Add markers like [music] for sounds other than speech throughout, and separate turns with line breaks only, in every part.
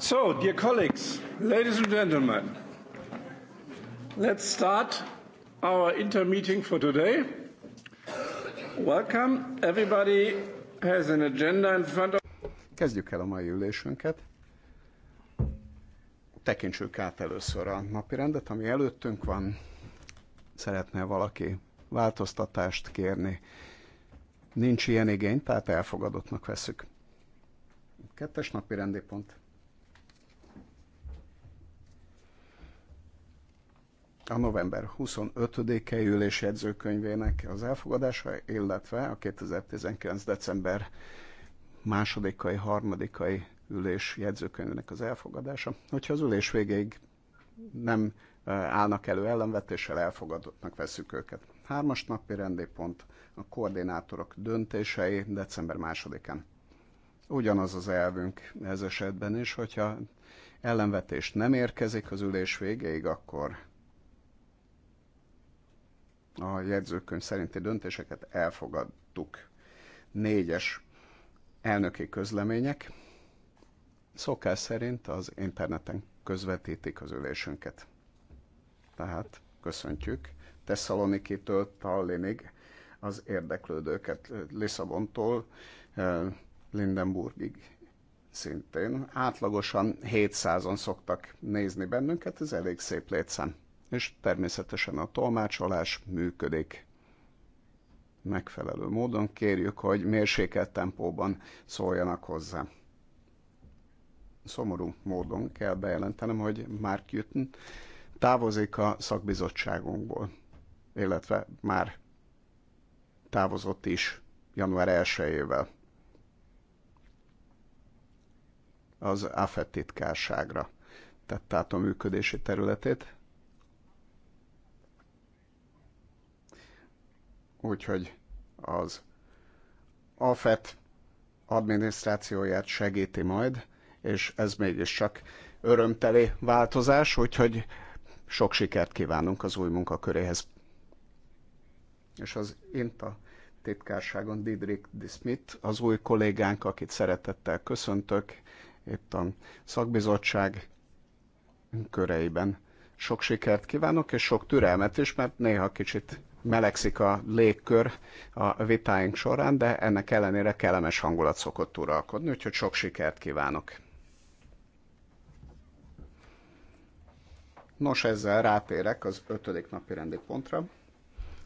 So, dear colleagues, ladies and gentlemen, let's start our intermeeting for today. Welcome. Everybody has an agenda in front of...
Kezdjük el a mai ülésünket. Tekintsük át először a napi rendet, ami előttünk van. Szeretne valaki változtatást kérni? Nincs ilyen igény, tehát elfogadottnak veszük. Kettes napi rendi pont. a november 25-e ülés jegyzőkönyvének az elfogadása, illetve a 2019. december másodikai, harmadikai ülés jegyzőkönyvének az elfogadása. Hogyha az ülés végéig nem e, állnak elő ellenvetéssel, elfogadottnak veszük őket. Hármas napi rendi pont a koordinátorok döntései december másodikán. Ugyanaz az elvünk ez esetben is, hogyha ellenvetés nem érkezik az ülés végéig, akkor a jegyzőkönyv szerinti döntéseket elfogadtuk. Négyes elnöki közlemények. Szokás szerint az interneten közvetítik az ülésünket. Tehát köszöntjük Tesszalonikitől Tallinig az érdeklődőket Lisszabontól eh, Lindenburgig szintén. Átlagosan 700-on szoktak nézni bennünket, ez elég szép létszám és természetesen a tolmácsolás működik megfelelő módon. Kérjük, hogy mérsékelt tempóban szóljanak hozzá. Szomorú módon kell bejelentenem, hogy Mark Newton távozik a szakbizottságunkból, illetve már távozott is január 1-ével az AFET titkárságra tette át a működési területét, úgyhogy az AFET adminisztrációját segíti majd, és ez mégiscsak örömteli változás, úgyhogy sok sikert kívánunk az új munkaköréhez. És az INTA titkárságon Didrik Dismit, az új kollégánk, akit szeretettel köszöntök, itt a szakbizottság köreiben. Sok sikert kívánok, és sok türelmet is, mert néha kicsit melegszik a légkör a vitáink során, de ennek ellenére kellemes hangulat szokott uralkodni, úgyhogy sok sikert kívánok! Nos, ezzel rátérek az ötödik napi rendi pontra,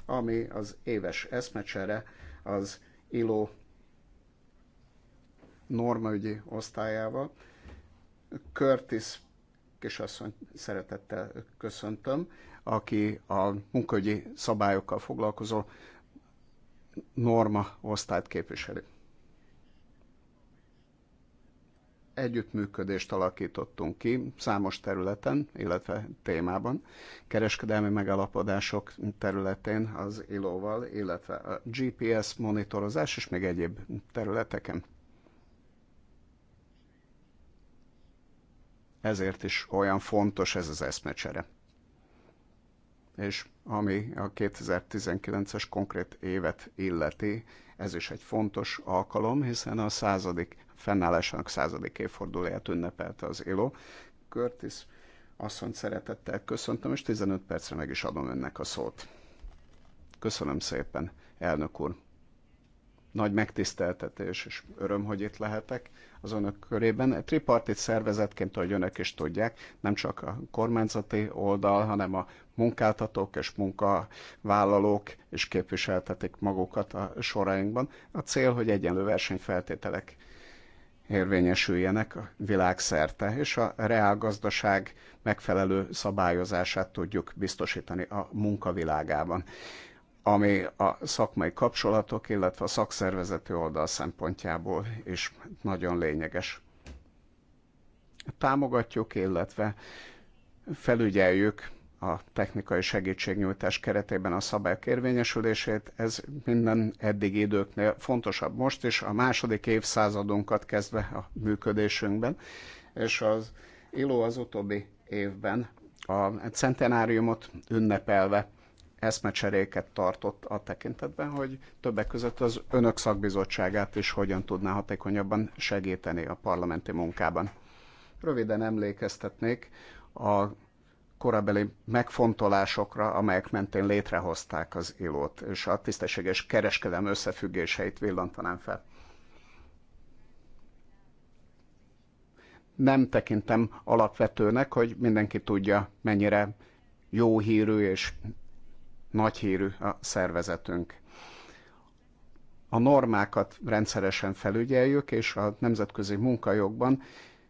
ami az éves eszmecsere az ILO normaügyi osztályával. Curtis kisasszony szeretettel köszöntöm, aki a munkahogyi szabályokkal foglalkozó norma osztályt képviseli. Együttműködést alakítottunk ki számos területen, illetve témában, kereskedelmi megalapodások területén az ILO-val, illetve a GPS monitorozás és még egyéb területeken. Ezért is olyan fontos ez az eszmecsere és ami a 2019-es konkrét évet illeti, ez is egy fontos alkalom, hiszen a századik, fennállásának századik évfordulóját ünnepelte az ILO. Curtis asszonyt szeretettel köszöntöm, és 15 percre meg is adom önnek a szót. Köszönöm szépen, elnök úr. Nagy megtiszteltetés és öröm, hogy itt lehetek az önök körében. Tripartit szervezetként, ahogy önök is tudják, nem csak a kormányzati oldal, hanem a munkáltatók és munkavállalók is képviseltetik magukat a sorainkban. A cél, hogy egyenlő versenyfeltételek érvényesüljenek a világszerte, és a reálgazdaság megfelelő szabályozását tudjuk biztosítani a munkavilágában ami a szakmai kapcsolatok, illetve a szakszervezeti oldal szempontjából is nagyon lényeges. Támogatjuk, illetve felügyeljük a technikai segítségnyújtás keretében a szabályok érvényesülését. Ez minden eddig időknél fontosabb most is, a második évszázadunkat kezdve a működésünkben, és az ILO az utóbbi évben a centenáriumot ünnepelve eszmecseréket tartott a tekintetben, hogy többek között az önök szakbizottságát is hogyan tudná hatékonyabban segíteni a parlamenti munkában. Röviden emlékeztetnék a korabeli megfontolásokra, amelyek mentén létrehozták az ilót, és a tisztességes kereskedelem összefüggéseit villantanám fel. Nem tekintem alapvetőnek, hogy mindenki tudja, mennyire jó hírű és nagy hírű a szervezetünk. A normákat rendszeresen felügyeljük, és a nemzetközi munkajogban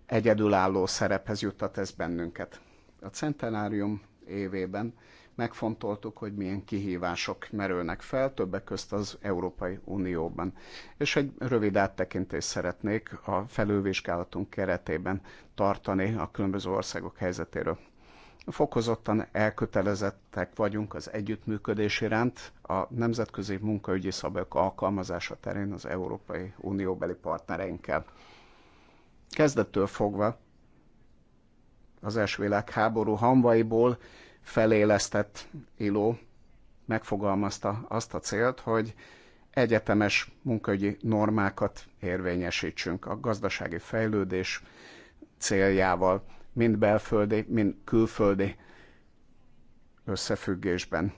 egyedülálló szerephez juttat ez bennünket. A centenárium évében megfontoltuk, hogy milyen kihívások merülnek fel, többek közt az Európai Unióban. És egy rövid áttekintést szeretnék a felülvizsgálatunk keretében tartani a különböző országok helyzetéről. Fokozottan elkötelezettek vagyunk az együttműködés iránt a nemzetközi munkaügyi szabályok alkalmazása terén az Európai Unióbeli partnereinkkel. Kezdettől fogva az első világháború hamvaiból felélesztett Iló megfogalmazta azt a célt, hogy egyetemes munkaügyi normákat érvényesítsünk a gazdasági fejlődés céljával mind belföldi, mind külföldi összefüggésben.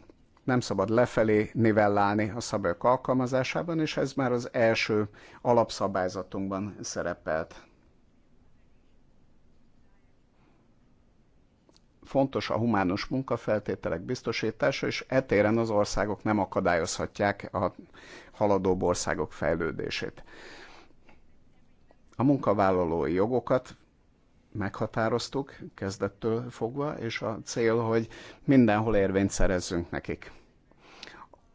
Nem szabad lefelé nivellálni a szabályok alkalmazásában, és ez már az első alapszabályzatunkban szerepelt. fontos a humánus munkafeltételek biztosítása, és etéren az országok nem akadályozhatják a haladóbb országok fejlődését. A munkavállalói jogokat meghatároztuk kezdettől fogva, és a cél, hogy mindenhol érvényt szerezzünk nekik.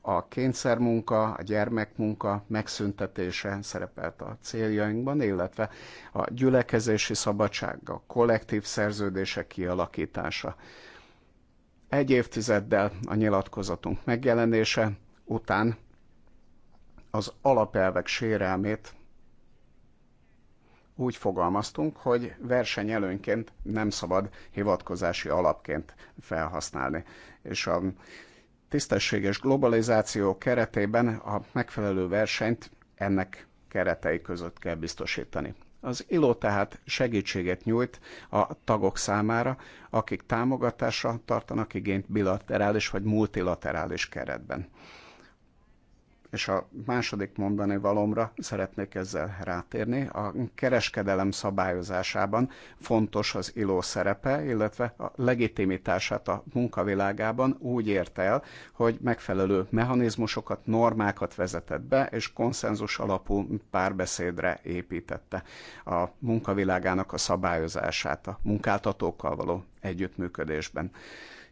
A kényszermunka, a gyermekmunka megszüntetése szerepelt a céljainkban, illetve a gyülekezési szabadság, a kollektív szerződések kialakítása. Egy évtizeddel a nyilatkozatunk megjelenése után az alapelvek sérelmét úgy fogalmaztunk, hogy versenyelőnként nem szabad hivatkozási alapként felhasználni. És a tisztességes globalizáció keretében a megfelelő versenyt ennek keretei között kell biztosítani. Az ILO tehát segítséget nyújt a tagok számára, akik támogatásra tartanak igényt bilaterális vagy multilaterális keretben és a második mondani valomra szeretnék ezzel rátérni. A kereskedelem szabályozásában fontos az ILO szerepe, illetve a legitimitását a munkavilágában úgy ért el, hogy megfelelő mechanizmusokat, normákat vezetett be, és konszenzus alapú párbeszédre építette a munkavilágának a szabályozását a munkáltatókkal való együttműködésben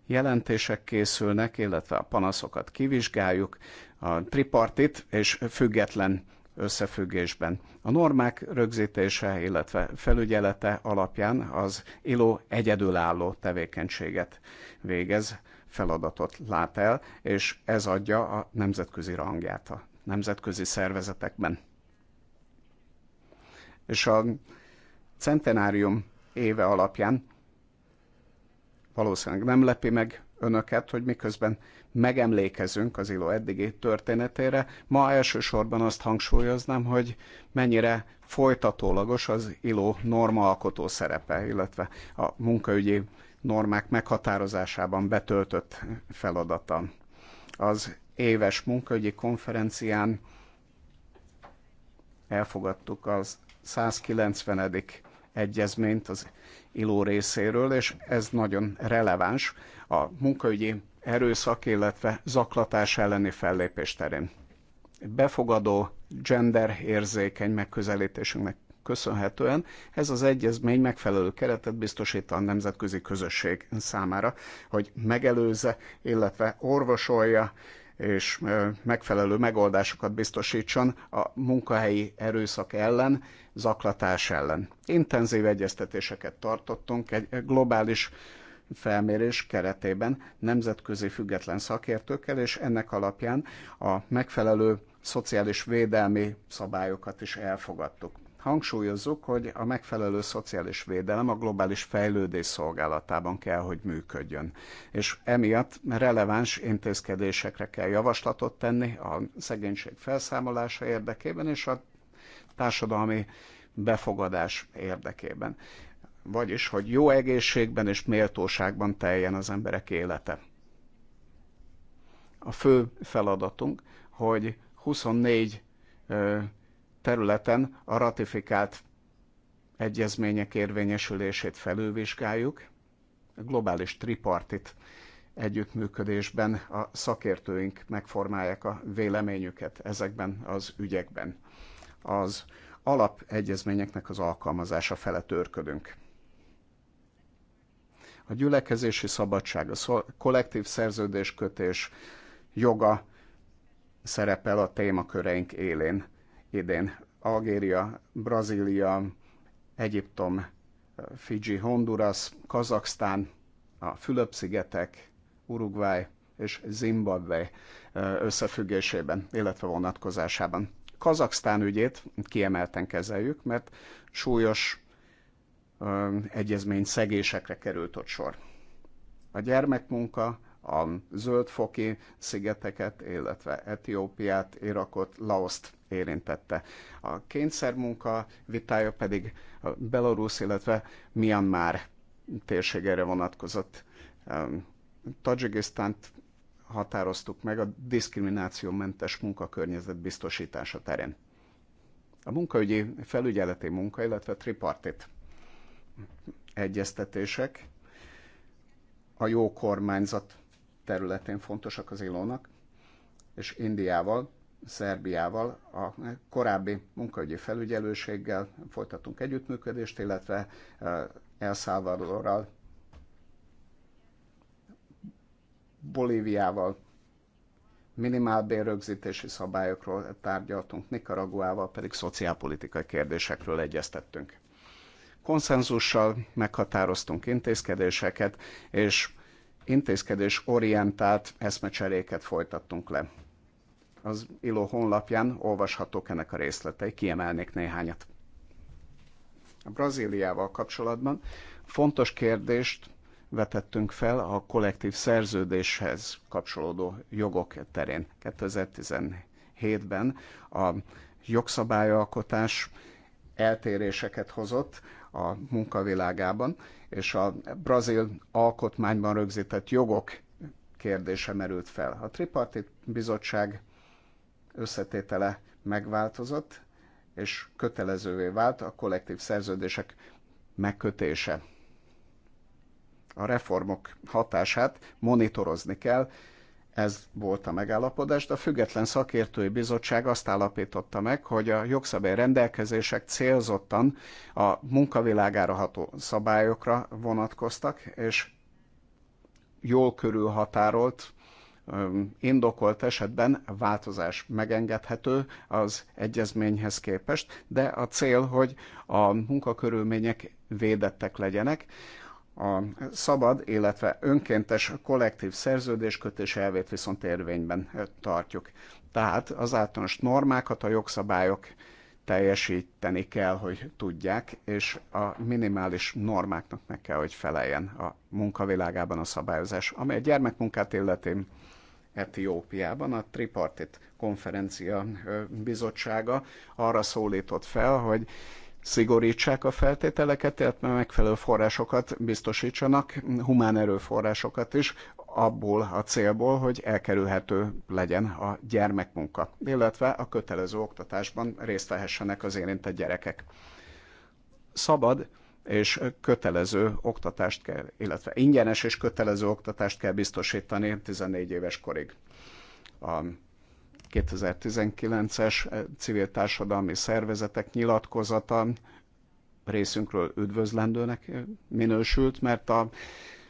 jelentések készülnek, illetve a panaszokat kivizsgáljuk, a tripartit és független összefüggésben. A normák rögzítése, illetve felügyelete alapján az ILO egyedülálló tevékenységet végez, feladatot lát el, és ez adja a nemzetközi rangját a nemzetközi szervezetekben. És a centenárium éve alapján Valószínűleg nem lepi meg önöket, hogy miközben megemlékezünk az iló eddigi történetére, ma elsősorban azt hangsúlyoznám, hogy mennyire folytatólagos az iló normaalkotó szerepe, illetve a munkaügyi normák meghatározásában betöltött feladata. Az éves munkaügyi konferencián elfogadtuk az 190 egyezményt az ILO részéről, és ez nagyon releváns a munkaügyi erőszak, illetve zaklatás elleni fellépés terén. Befogadó, gender érzékeny megközelítésünknek köszönhetően ez az egyezmény megfelelő keretet biztosít a nemzetközi közösség számára, hogy megelőzze, illetve orvosolja és megfelelő megoldásokat biztosítson a munkahelyi erőszak ellen, zaklatás ellen. Intenzív egyeztetéseket tartottunk egy globális felmérés keretében nemzetközi független szakértőkkel, és ennek alapján a megfelelő szociális védelmi szabályokat is elfogadtuk hangsúlyozzuk, hogy a megfelelő szociális védelem a globális fejlődés szolgálatában kell, hogy működjön. És emiatt releváns intézkedésekre kell javaslatot tenni a szegénység felszámolása érdekében és a társadalmi befogadás érdekében. Vagyis, hogy jó egészségben és méltóságban teljen az emberek élete. A fő feladatunk, hogy 24 területen a ratifikált egyezmények érvényesülését felülvizsgáljuk, globális tripartit együttműködésben a szakértőink megformálják a véleményüket ezekben az ügyekben. Az alapegyezményeknek az alkalmazása fele törködünk. A gyülekezési szabadság, a kollektív szerződéskötés joga szerepel a témaköreink élén idén. Algéria, Brazília, Egyiptom, Fiji, Honduras, Kazaksztán, a Fülöp-szigetek, Uruguay és Zimbabwe összefüggésében, illetve vonatkozásában. Kazaksztán ügyét kiemelten kezeljük, mert súlyos ö, egyezmény szegésekre került ott sor. A gyermekmunka, a zöldfoki szigeteket, illetve Etiópiát, Irakot, Laoszt érintette. A kényszermunka vitája pedig a Belarus, illetve Myanmar térségére vonatkozott. Tajikisztánt határoztuk meg a diszkriminációmentes munkakörnyezet biztosítása terén. A munkaügyi felügyeleti munka, illetve tripartit egyeztetések a jó kormányzat területén fontosak az ilónak, és Indiával Szerbiával, a korábbi munkaügyi felügyelőséggel folytatunk együttműködést, illetve eh, El Salvadorral, Bolíviával minimál rögzítési szabályokról tárgyaltunk, Nikaraguával pedig szociálpolitikai kérdésekről egyeztettünk. Konszenzussal meghatároztunk intézkedéseket, és intézkedés orientált eszmecseréket folytattunk le az ILO honlapján olvashatók ennek a részletei, kiemelnék néhányat. A Brazíliával kapcsolatban fontos kérdést vetettünk fel a kollektív szerződéshez kapcsolódó jogok terén. 2017-ben a jogszabályalkotás eltéréseket hozott a munkavilágában, és a brazil alkotmányban rögzített jogok kérdése merült fel. A tripartit bizottság összetétele megváltozott, és kötelezővé vált a kollektív szerződések megkötése. A reformok hatását monitorozni kell, ez volt a megállapodás, de a Független Szakértői Bizottság azt állapította meg, hogy a jogszabály rendelkezések célzottan a munkavilágára ható szabályokra vonatkoztak, és jól körülhatárolt indokolt esetben változás megengedhető az egyezményhez képest, de a cél, hogy a munkakörülmények védettek legyenek, a szabad, illetve önkéntes kollektív szerződéskötés elvét viszont érvényben tartjuk. Tehát az általános normákat a jogszabályok teljesíteni kell, hogy tudják, és a minimális normáknak meg kell, hogy feleljen a munkavilágában a szabályozás. Ami a gyermekmunkát illeti, Etiópiában a tripartit konferencia bizottsága arra szólított fel, hogy szigorítsák a feltételeket, illetve megfelelő forrásokat biztosítsanak, humán erőforrásokat is, abból a célból, hogy elkerülhető legyen a gyermekmunka, illetve a kötelező oktatásban részt vehessenek az érintett gyerekek. Szabad és kötelező oktatást kell, illetve ingyenes és kötelező oktatást kell biztosítani 14 éves korig. A 2019-es eh, civil társadalmi szervezetek nyilatkozata részünkről üdvözlendőnek eh, minősült, mert a,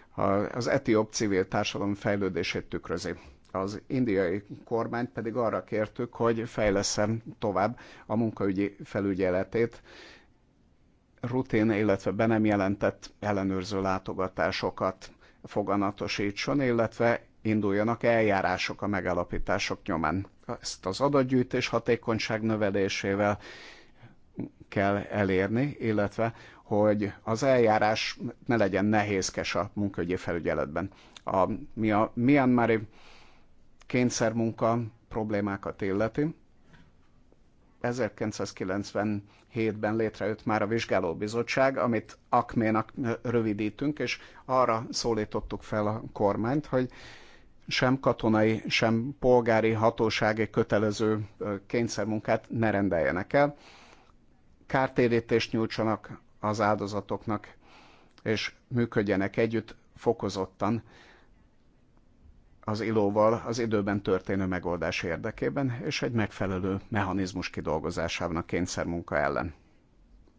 a, az etióp civil társadalom fejlődését tükrözi. Az indiai kormányt pedig arra kértük, hogy fejleszem tovább a munkaügyi felügyeletét rutin, illetve be nem jelentett ellenőrző látogatásokat foganatosítson, illetve induljanak eljárások a megalapítások nyomán. Ezt az adatgyűjtés hatékonyság növelésével kell elérni, illetve hogy az eljárás ne legyen nehézkes a munkaügyi felügyeletben. A, mi a Myanmari kényszermunka problémákat illeti, 1997-ben létrejött már a vizsgálóbizottság, amit ACME-nak rövidítünk, és arra szólítottuk fel a kormányt, hogy sem katonai, sem polgári hatósági kötelező kényszermunkát ne rendeljenek el, kártérítést nyújtsanak az áldozatoknak, és működjenek együtt fokozottan az ilóval az időben történő megoldás érdekében és egy megfelelő mechanizmus kidolgozásában a kényszermunka ellen.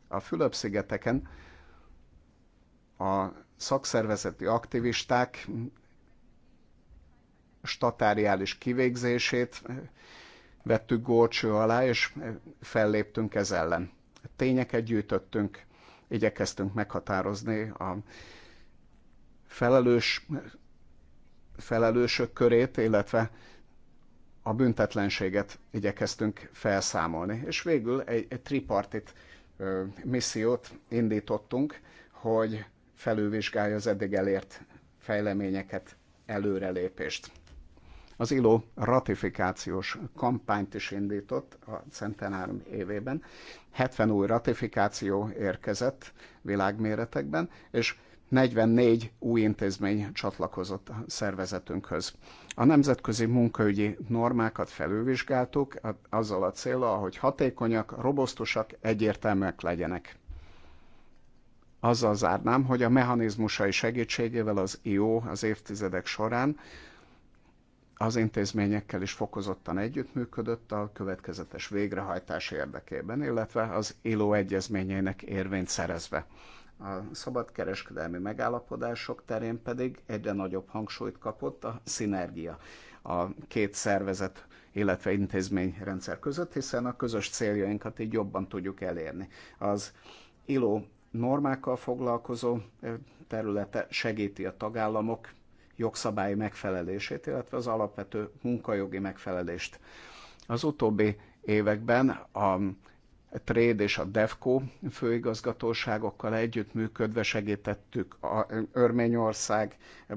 A Fülöp-szigeteken a szakszervezeti aktivisták statáriális kivégzését vettük górcső alá, és felléptünk ez ellen. Tényeket gyűjtöttünk, igyekeztünk meghatározni a felelős felelősök körét, illetve a büntetlenséget igyekeztünk felszámolni. És végül egy, egy tripartit ö, missziót indítottunk, hogy felülvizsgálja az eddig elért fejleményeket, előrelépést. Az ILO ratifikációs kampányt is indított a centenárum évében. 70 új ratifikáció érkezett világméretekben, és 44 új intézmény csatlakozott a szervezetünkhöz. A nemzetközi munkaügyi normákat felülvizsgáltuk, azzal a célral, hogy hatékonyak, robosztusak, egyértelműek legyenek. Azzal zárnám, hogy a mechanizmusai segítségével az IO az évtizedek során az intézményekkel is fokozottan együttműködött a következetes végrehajtás érdekében, illetve az ILO egyezményeinek érvényt szerezve. A szabadkereskedelmi megállapodások terén pedig egyre nagyobb hangsúlyt kapott a szinergia a két szervezet, illetve intézményrendszer között, hiszen a közös céljainkat így jobban tudjuk elérni. Az ILO normákkal foglalkozó területe segíti a tagállamok jogszabályi megfelelését, illetve az alapvető munkajogi megfelelést. Az utóbbi években a Trade és a DEFCO főigazgatóságokkal együttműködve segítettük a Örményország,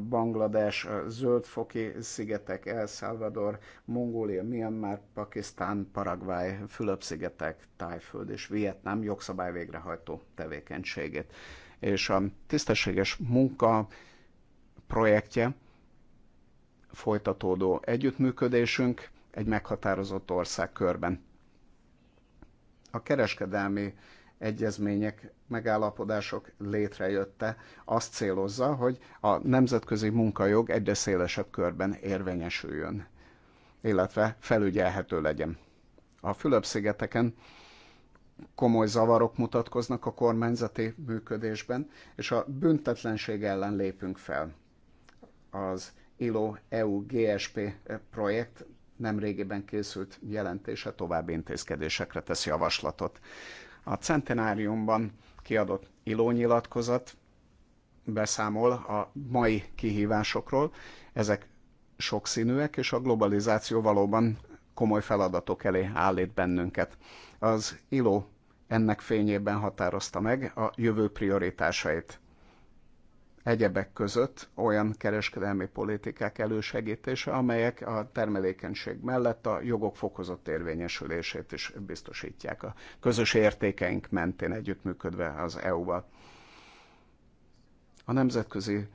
Banglades, Zöldfoki szigetek, El Salvador, Mongólia, Myanmar, Pakisztán, Paraguay, Fülöp-szigetek, Tájföld és Vietnám jogszabály végrehajtó tevékenységét. És a tisztességes munka projektje folytatódó együttműködésünk egy meghatározott ország körben a kereskedelmi egyezmények, megállapodások létrejötte azt célozza, hogy a nemzetközi munkajog egyre szélesebb körben érvényesüljön, illetve felügyelhető legyen. A Fülöp-szigeteken komoly zavarok mutatkoznak a kormányzati működésben, és a büntetlenség ellen lépünk fel. Az ILO EU GSP projekt nemrégiben készült jelentése további intézkedésekre tesz javaslatot. A centenáriumban kiadott ilónyilatkozat beszámol a mai kihívásokról. Ezek sokszínűek, és a globalizáció valóban komoly feladatok elé állít bennünket. Az ILO ennek fényében határozta meg a jövő prioritásait egyebek között olyan kereskedelmi politikák elősegítése, amelyek a termelékenység mellett a jogok fokozott érvényesülését is biztosítják a közös értékeink mentén együttműködve az EU-val. A nemzetközi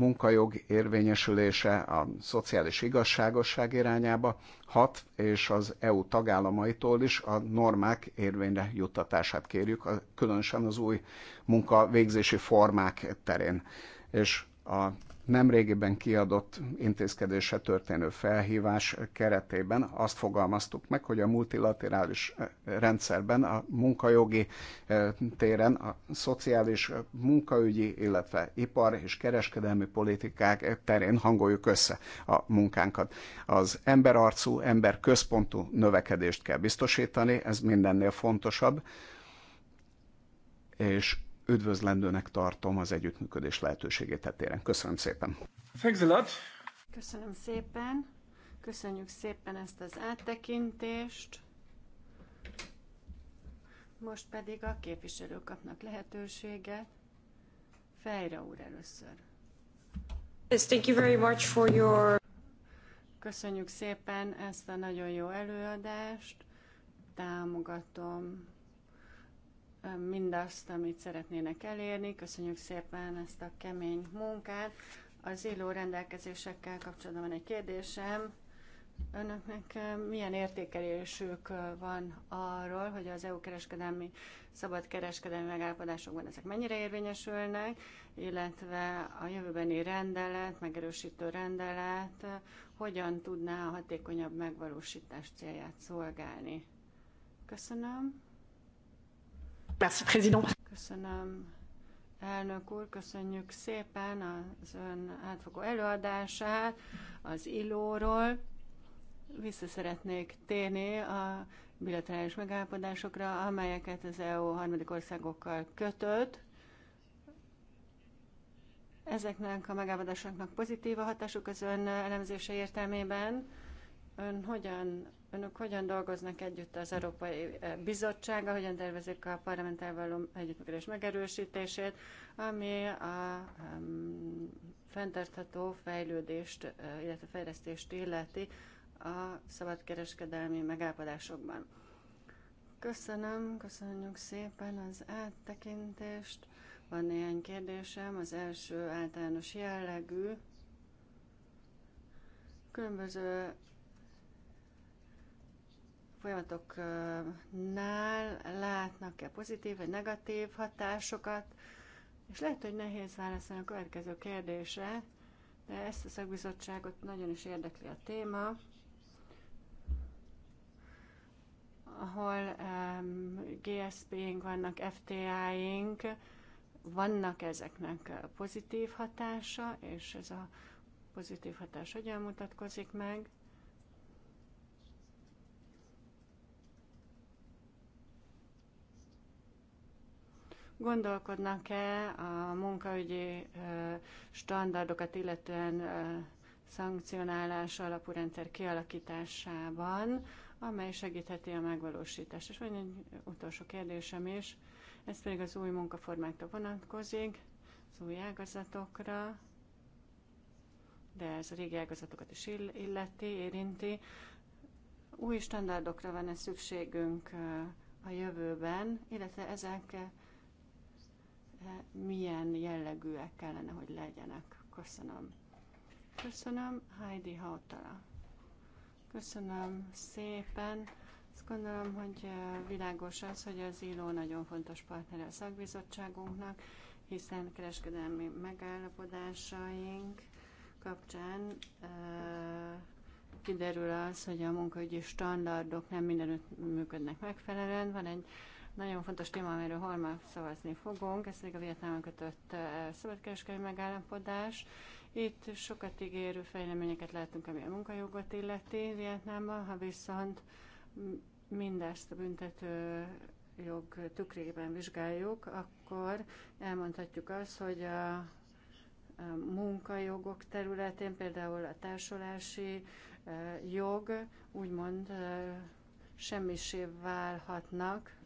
munkajog érvényesülése a szociális igazságosság irányába hat, és az EU tagállamaitól is a normák érvényre juttatását kérjük, különösen az új munkavégzési formák terén. És a nemrégiben kiadott intézkedése történő felhívás keretében azt fogalmaztuk meg, hogy a multilaterális eh, rendszerben a munkajogi eh, téren a szociális eh, munkaügyi, illetve ipar és kereskedelmi politikák terén hangoljuk össze a munkánkat. Az emberarcú, emberközpontú növekedést kell biztosítani, ez mindennél fontosabb, és üdvözlendőnek tartom az együttműködés lehetőségét tetéren. Köszönöm szépen.
Thanks a lot. Köszönöm szépen. Köszönjük szépen ezt az áttekintést. Most pedig a képviselők kapnak lehetőséget. Fejre úr először. Yes, thank you very much for your... Köszönjük szépen ezt a nagyon jó előadást. Támogatom mindazt, amit szeretnének elérni. Köszönjük szépen ezt a kemény munkát. Az illó rendelkezésekkel kapcsolatban van egy kérdésem. Önöknek eh, milyen értékelésük eh, van arról, hogy az EU kereskedelmi, szabad kereskedelmi megállapodásokban ezek mennyire érvényesülnek, illetve a jövőbeni rendelet, megerősítő rendelet eh, hogyan tudná a hatékonyabb megvalósítás célját szolgálni? Köszönöm. Merci, président. Köszönöm, elnök úr, köszönjük szépen az ön átfogó előadását az illóról. Vissza szeretnék térni a bilaterális megállapodásokra, amelyeket az EU harmadik országokkal kötött. Ezeknek a megállapodásoknak pozitív a hatásuk az ön elemzése értelmében. Ön hogyan Önök hogyan dolgoznak együtt az Európai eh, Bizottsága, hogyan tervezik a parlamentel való együttműködés megerősítését, ami a um, fenntartható fejlődést, eh, illetve fejlesztést illeti a szabadkereskedelmi megállapodásokban. Köszönöm, köszönjük szépen az áttekintést. Van néhány kérdésem, az első általános jellegű. Különböző folyamatoknál látnak-e pozitív vagy negatív hatásokat, és lehet, hogy nehéz válaszolni a következő kérdésre, de ezt a szakbizottságot nagyon is érdekli a téma, ahol um, GSP-ink vannak, FTA-ink, vannak ezeknek pozitív hatása, és ez a pozitív hatás hogyan mutatkozik meg. Gondolkodnak-e a munkaügyi standardokat, illetően szankcionálás alapú rendszer kialakításában, amely segítheti a megvalósítást. És van egy utolsó kérdésem is, ez pedig az új munkaformákra vonatkozik, az új ágazatokra, de ez a régi ágazatokat is illeti, érinti. Új standardokra van-e szükségünk a jövőben, illetve ezek milyen jellegűek kellene, hogy legyenek. Köszönöm. Köszönöm, Heidi Hautala. Köszönöm szépen. Azt gondolom, hogy eh, világos az, hogy az ILO nagyon fontos partnere a szakbizottságunknak, hiszen kereskedelmi megállapodásaink kapcsán eh, kiderül az, hogy a munkaügyi standardok nem mindenütt működnek megfelelően. Van egy nagyon fontos téma, amiről holnap szavazni fogunk, ez még a Vietnámon kötött eh, szabadkereskedelmi megállapodás. Itt sokat ígérő fejleményeket látunk, ami a munkajogot illeti Vietnámban, ha viszont mindezt a büntető jog tükrében vizsgáljuk, akkor elmondhatjuk azt, hogy a munkajogok területén, például a társulási eh, jog úgymond eh, semmisé válhatnak,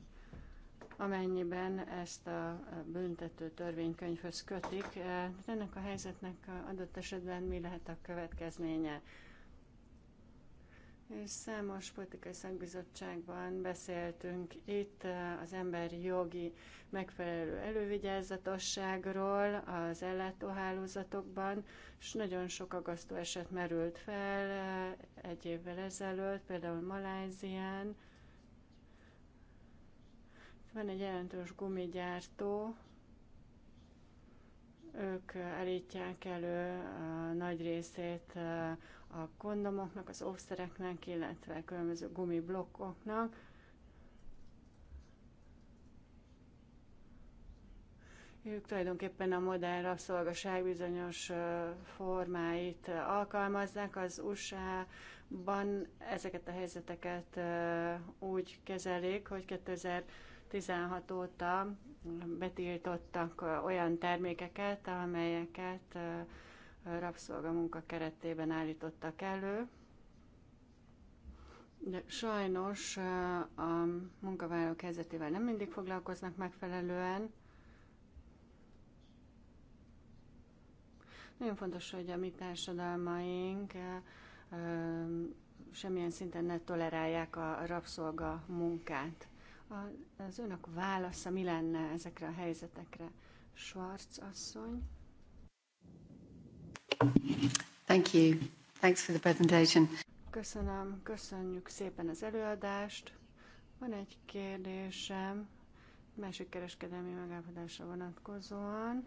amennyiben ezt a büntető törvénykönyvhöz kötik. Eh, hát ennek a helyzetnek adott esetben mi lehet a következménye? számos politikai szakbizottságban beszéltünk itt eh, az emberi jogi megfelelő elővigyázatosságról az ellátóhálózatokban, és nagyon sok agasztó eset merült fel eh, egy évvel ezelőtt, például Malázián, van egy jelentős gumigyártó, ők elítják elő a nagy részét a kondomoknak, az óvszereknek, illetve különböző gumiblokkoknak. Ők tulajdonképpen a modern rabszolgaság bizonyos formáit alkalmazzák. Az USA-ban ezeket a helyzeteket úgy kezelik, hogy 2000 2016 óta betiltottak olyan termékeket, amelyeket rabszolgamunka keretében állítottak elő. De sajnos a munkavállalók helyzetével nem mindig foglalkoznak megfelelően. Nagyon fontos, hogy a mi társadalmaink semmilyen szinten ne tolerálják a rabszolga munkát. Az önök válasza mi lenne ezekre a helyzetekre? Schwarz asszony. Thank you. Thanks for the presentation. Köszönöm, köszönjük szépen az előadást. Van egy kérdésem, másik kereskedelmi megállapodásra vonatkozóan.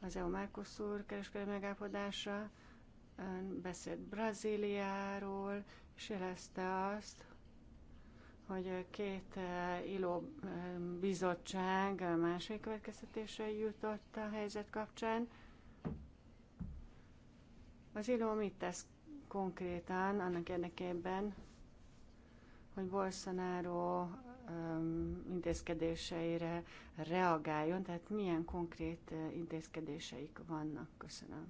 Az EU-Mercosur kereskedelmi megállapodása beszélt Brazíliáról, és jelezte azt, hogy két eh, ILO eh, bizottság másik következtetésre jutott a helyzet kapcsán. Az ILO mit tesz konkrétan annak érdekében, hogy Bolsonaro intézkedéseire reagáljon, tehát milyen konkrét eh, intézkedéseik vannak? Köszönöm.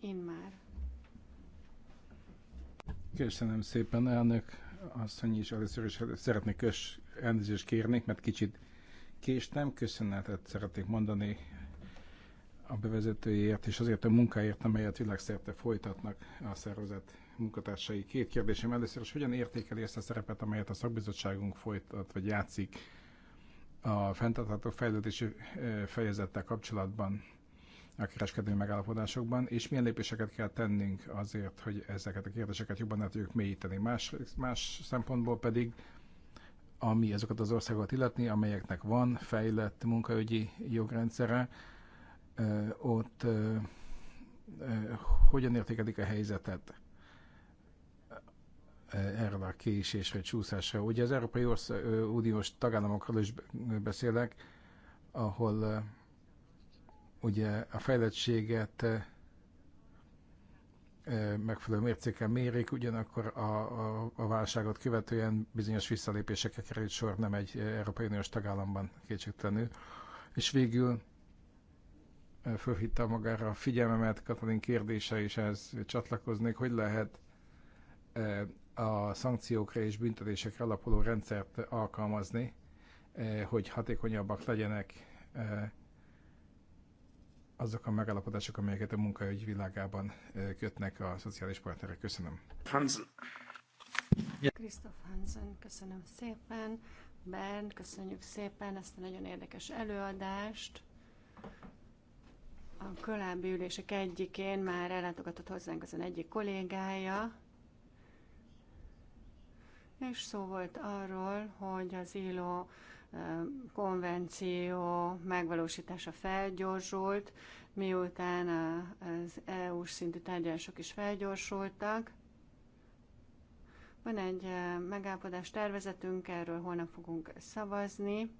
Én már.
Köszönöm szépen, elnök asszony is, először is szeretnék kös, elnézést kérni, mert kicsit késtem. Köszönetet szeretnék mondani a bevezetőjéért és azért a munkáért, amelyet világszerte folytatnak a szervezet munkatársai. Két kérdésem először is, hogyan értékeli ezt a szerepet, amelyet a szakbizottságunk folytat, vagy játszik a fenntartható fejlődési eh, fejezettel kapcsolatban a kereskedelmi megállapodásokban, és milyen lépéseket kell tennünk azért, hogy ezeket a kérdéseket jobban el tudjuk mélyíteni. Más, más szempontból pedig, ami azokat az országokat illetni, amelyeknek van fejlett munkaügyi jogrendszere, ott hogyan értékedik a helyzetet erre a késésre, csúszásra. Ugye az Európai Ország, Uniós tagállamokról is beszélek, ahol ugye a fejlettséget eh, eh, megfelelő mértékkel mérik, ugyanakkor a, a, a válságot követően bizonyos visszalépésekre került sor nem egy eh, Európai Uniós tagállamban kétségtelenül. És végül fölhitta magára a figyelmemet Katalin kérdése, is ehhez csatlakoznék, hogy lehet a szankciókra és büntetésekre alapuló rendszert alkalmazni, hogy hatékonyabbak legyenek azok a megállapodások, amelyeket a munkaügy világában kötnek a szociális partnerek. Köszönöm. Hansen.
Krisztof Hansen, köszönöm szépen. Ben, köszönjük szépen ezt a nagyon érdekes előadást. A korábbi ülések egyikén már ellátogatott hozzánk az egyik kollégája, és szó volt arról, hogy az ILO konvenció megvalósítása felgyorsult, miután az EU-s szintű tárgyalások is felgyorsultak. Van egy megállapodás tervezetünk, erről holnap fogunk szavazni.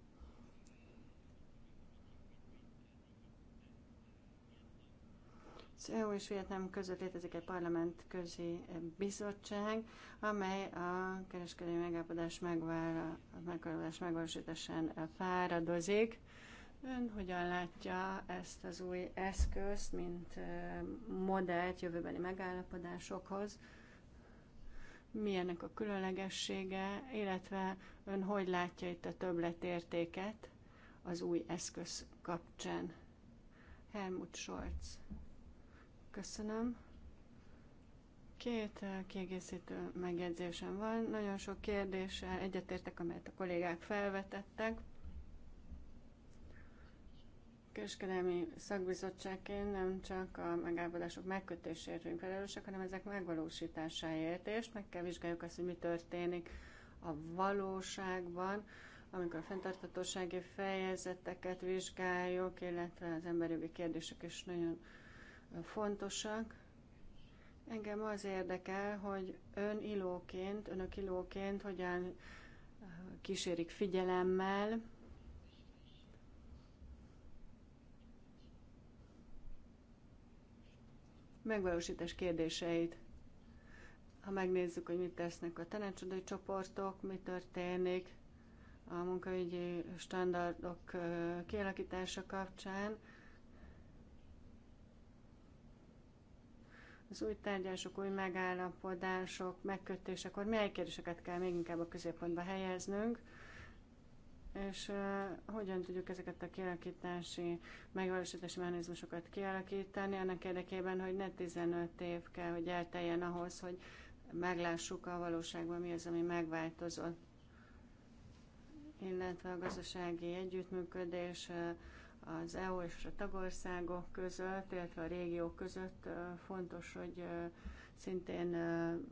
Az EU és Vietnám között létezik egy parlament közi bizottság, amely a kereskedelmi megállapodás megvalósításán megvalósításán fáradozik. Ön hogyan látja ezt az új eszközt, mint modellt jövőbeni megállapodásokhoz? Milyennek a különlegessége, illetve ön hogy látja itt a többletértéket az új eszköz kapcsán? Helmut Scholz. Köszönöm. Két eh, kiegészítő megjegyzésem van. Nagyon sok kérdéssel egyetértek, amelyet a kollégák felvetettek. Kereskedelmi szakbizottságként nem csak a megállapodások megkötéséért vagyunk felelősek, hanem ezek megvalósításáért, és meg kell vizsgáljuk azt, hogy mi történik a valóságban, amikor a fenntarthatósági fejezeteket vizsgáljuk, illetve az emberjogi kérdések is nagyon fontosak. Engem az érdekel, hogy ön ilóként, önök ilóként hogyan eh, kísérik figyelemmel, megvalósítás kérdéseit. Ha megnézzük, hogy mit tesznek a tanácsadói csoportok, mi történik a munkaügyi standardok eh, kialakítása kapcsán, az új tárgyalások, új megállapodások, megkötésekor mely kérdéseket kell még inkább a középpontba helyeznünk, és uh, hogyan tudjuk ezeket a kialakítási, megvalósítási mechanizmusokat kialakítani, annak érdekében, hogy ne 15 év kell, hogy elteljen ahhoz, hogy meglássuk a valóságban mi az, ami megváltozott illetve a gazdasági együttműködés, az EU és a tagországok között, illetve a régiók között fontos, hogy szintén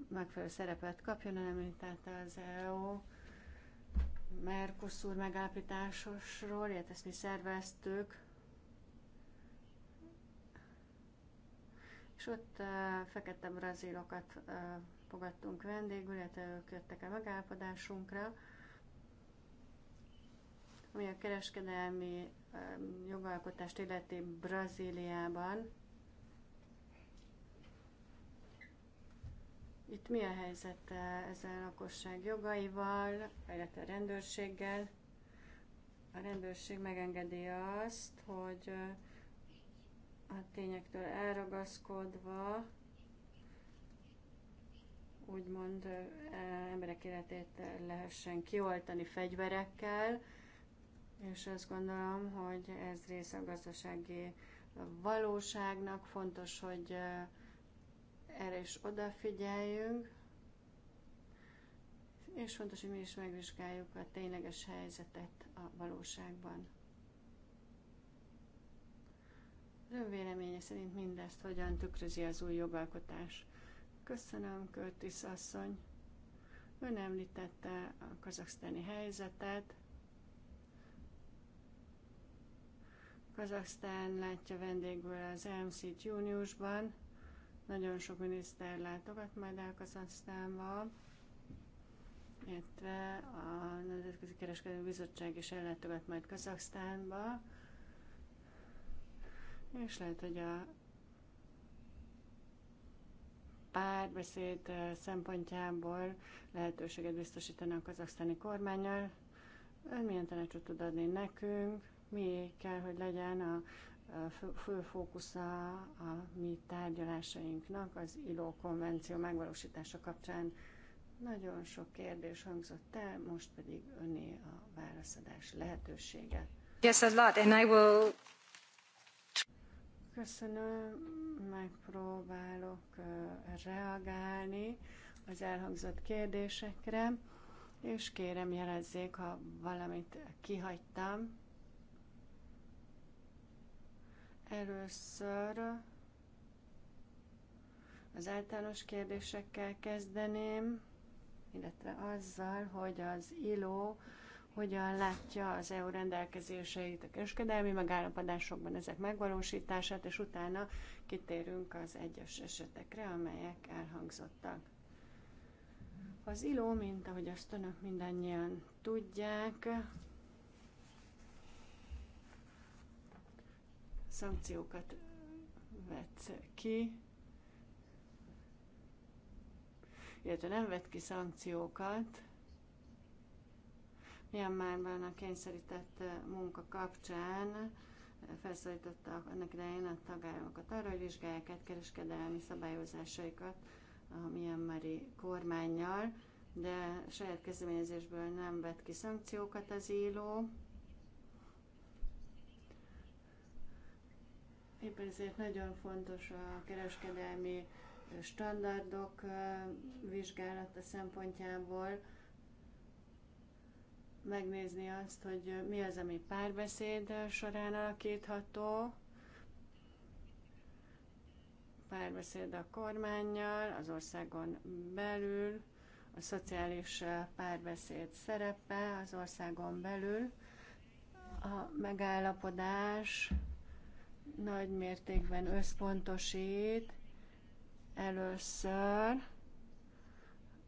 megfelelő szerepet kapjon, említette az EU Mercosur megállapításosról, illetve ezt mi szerveztük, és ott fekete brazilokat fogadtunk vendégül, illetve ők jöttek a megállapodásunkra, ami a kereskedelmi jogalkotást illeti Brazíliában. Itt mi a helyzet ezzel a lakosság jogaival, illetve a rendőrséggel? A rendőrség megengedi azt, hogy a tényektől elragaszkodva úgymond emberek életét lehessen kioltani fegyverekkel, és azt gondolom, hogy ez része a gazdasági valóságnak, fontos, hogy erre is odafigyeljünk, és fontos, hogy mi is megvizsgáljuk a tényleges helyzetet a valóságban. Az ön véleménye szerint mindezt hogyan tükrözi az új jogalkotás? Köszönöm, Körtis asszony. Ön említette a kazaksztáni helyzetet, Kazaksztán látja vendégből az EMC-t júniusban. Nagyon sok miniszter látogat majd el Kazaksztánba, illetve a Nemzetközi Kereskedelmi Bizottság is ellátogat majd Kazaksztánba. És lehet, hogy a párbeszéd szempontjából lehetőséget biztosítanak a kazaksztáni kormányjal. Ön milyen tanácsot tud adni nekünk? mi kell, hogy legyen a, fő fókusza a mi tárgyalásainknak az ILO konvenció megvalósítása kapcsán. Nagyon sok kérdés hangzott el, most pedig öné a válaszadás lehetősége. Yes, a lot, and I will... Köszönöm, megpróbálok reagálni az elhangzott kérdésekre, és kérem jelezzék, ha valamit kihagytam. Először az általános kérdésekkel kezdeném, illetve azzal, hogy az ILO hogyan látja az EU rendelkezéseit a kereskedelmi megállapodásokban ezek megvalósítását, és utána kitérünk az egyes esetekre, amelyek elhangzottak. Az ILO, mint ahogy azt önök mindannyian tudják, szankciókat vett ki, illetve nem vett ki szankciókat, Myanmarban a kényszerített munka kapcsán felszólította annak idején a tagállamokat arra, hogy vizsgálják át kereskedelmi szabályozásaikat a Myanmari kormányjal, de saját kezdeményezésből nem vett ki szankciókat az író. Éppen ezért nagyon fontos a kereskedelmi standardok vizsgálata szempontjából megnézni azt, hogy mi az, ami párbeszéd során alakítható, párbeszéd a kormányjal, az országon belül, a szociális párbeszéd szerepe az országon belül, a megállapodás nagy mértékben összpontosít először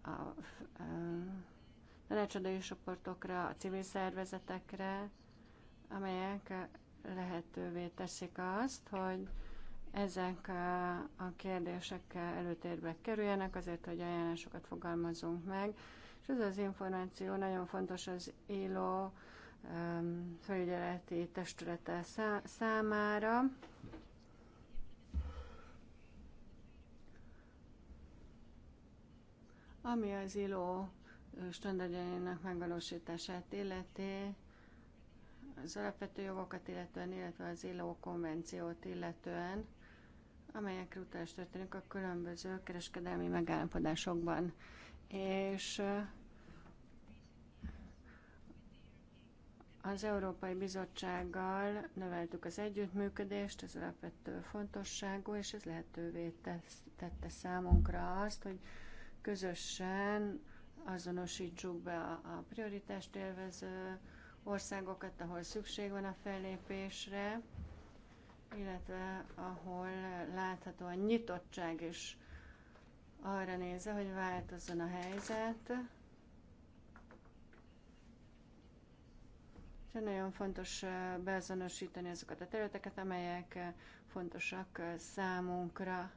a, a, a tanácsadói csoportokra, a civil szervezetekre, amelyek lehetővé teszik azt, hogy ezek a, a kérdésekkel előtérbe kerüljenek, azért, hogy ajánlásokat fogalmazunk meg. És ez az információ nagyon fontos az élő Um, felügyeleti testülete számára. Ami az ILO standardjainak megvalósítását illeti, az alapvető jogokat illetően, illetve az ILO konvenciót illetően, amelyekre utalás történik a különböző kereskedelmi megállapodásokban. És Az Európai Bizottsággal növeltük az együttműködést, ez alapvető fontosságú, és ez lehetővé tette számunkra azt, hogy közösen azonosítsuk be a, a prioritást élvező országokat, ahol szükség van a fellépésre, illetve ahol látható a nyitottság is arra nézve, hogy változzon a helyzet. illetve nagyon fontos beazonosítani azokat a területeket, amelyek fontosak számunkra.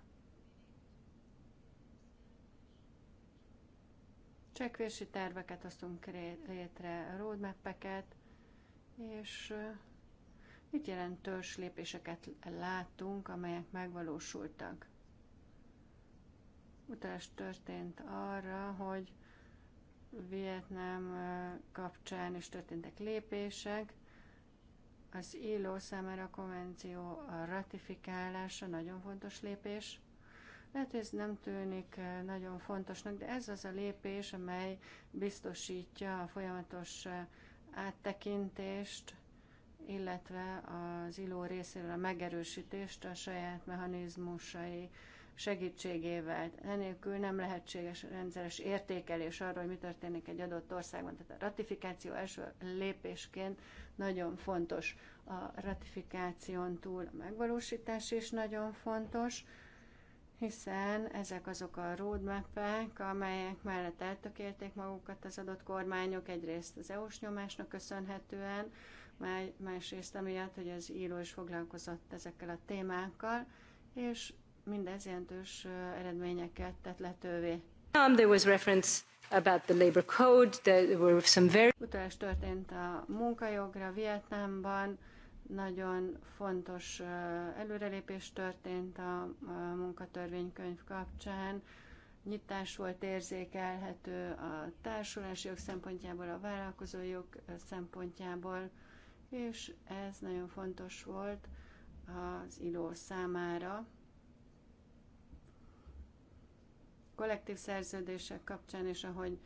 Csekvési terveket hoztunk létre, roadmap-eket, és itt jelentős lépéseket láttunk, amelyek megvalósultak. Utalás történt arra, hogy Vietnám kapcsán is történtek lépések. Az ILO számára a konvenció a ratifikálása nagyon fontos lépés. Lehet, hogy ez nem tűnik nagyon fontosnak, de ez az a lépés, amely biztosítja a folyamatos áttekintést, illetve az ILO részéről a megerősítést a saját mechanizmusai segítségével. Enélkül nem lehetséges rendszeres értékelés arról, hogy mi történik egy adott országban. Tehát a ratifikáció első lépésként nagyon fontos. A ratifikáción túl a megvalósítás is nagyon fontos, hiszen ezek azok a roadmap amelyek mellett eltökélték magukat az adott kormányok, egyrészt az EU-s nyomásnak köszönhetően, másrészt amiatt, hogy az író is foglalkozott ezekkel a témákkal, és mindez jelentős eredményeket tett lehetővé. Um, there was reference about the labor code, there were some very... Utalás történt a munkajogra Vietnámban, nagyon fontos előrelépés történt a, a munkatörvénykönyv kapcsán. Nyitás volt érzékelhető a társulási jog szempontjából, a vállalkozói jog szempontjából, és ez nagyon fontos volt az ILO számára. kollektív szerződések kapcsán, és ahogy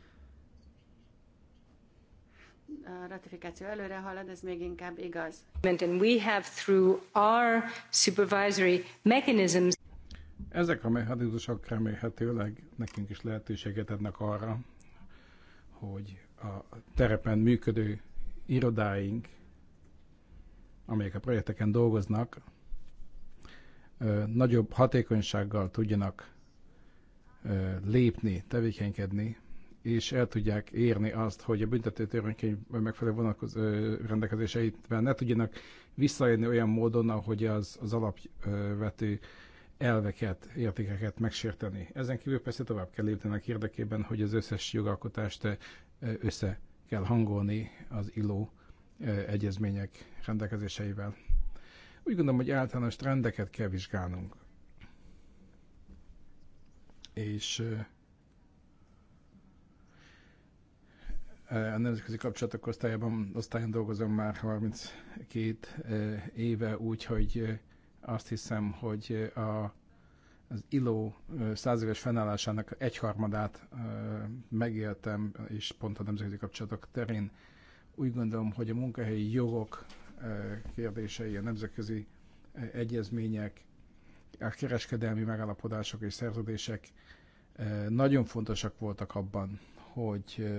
a ratifikáció előre halad, ez még inkább igaz. And we have through our supervisory mechanisms
ezek a mechanizmusok remélhetőleg nekünk is lehetőséget adnak arra, hogy a terepen működő irodáink, amelyek a projekteken dolgoznak, nagyobb hatékonysággal tudjanak lépni, tevékenykedni, és el tudják érni azt, hogy a büntető törvénykönyv megfelelő ö, rendelkezéseitben ne tudjanak visszaérni olyan módon, ahogy az, az alapvető elveket, értékeket megsérteni. Ezen kívül persze tovább kell léptenek érdekében, hogy az összes jogalkotást össze kell hangolni az illó egyezmények rendelkezéseivel. Úgy gondolom, hogy általános trendeket kell vizsgálnunk és a nemzetközi kapcsolatok osztályában, osztályon dolgozom már 32 éve, úgyhogy azt hiszem, hogy a, az ILO száz éves fennállásának egyharmadát megéltem, és pont a nemzetközi kapcsolatok terén úgy gondolom, hogy a munkahelyi jogok kérdései, a nemzetközi egyezmények, a kereskedelmi megállapodások és szerződések nagyon fontosak voltak abban, hogy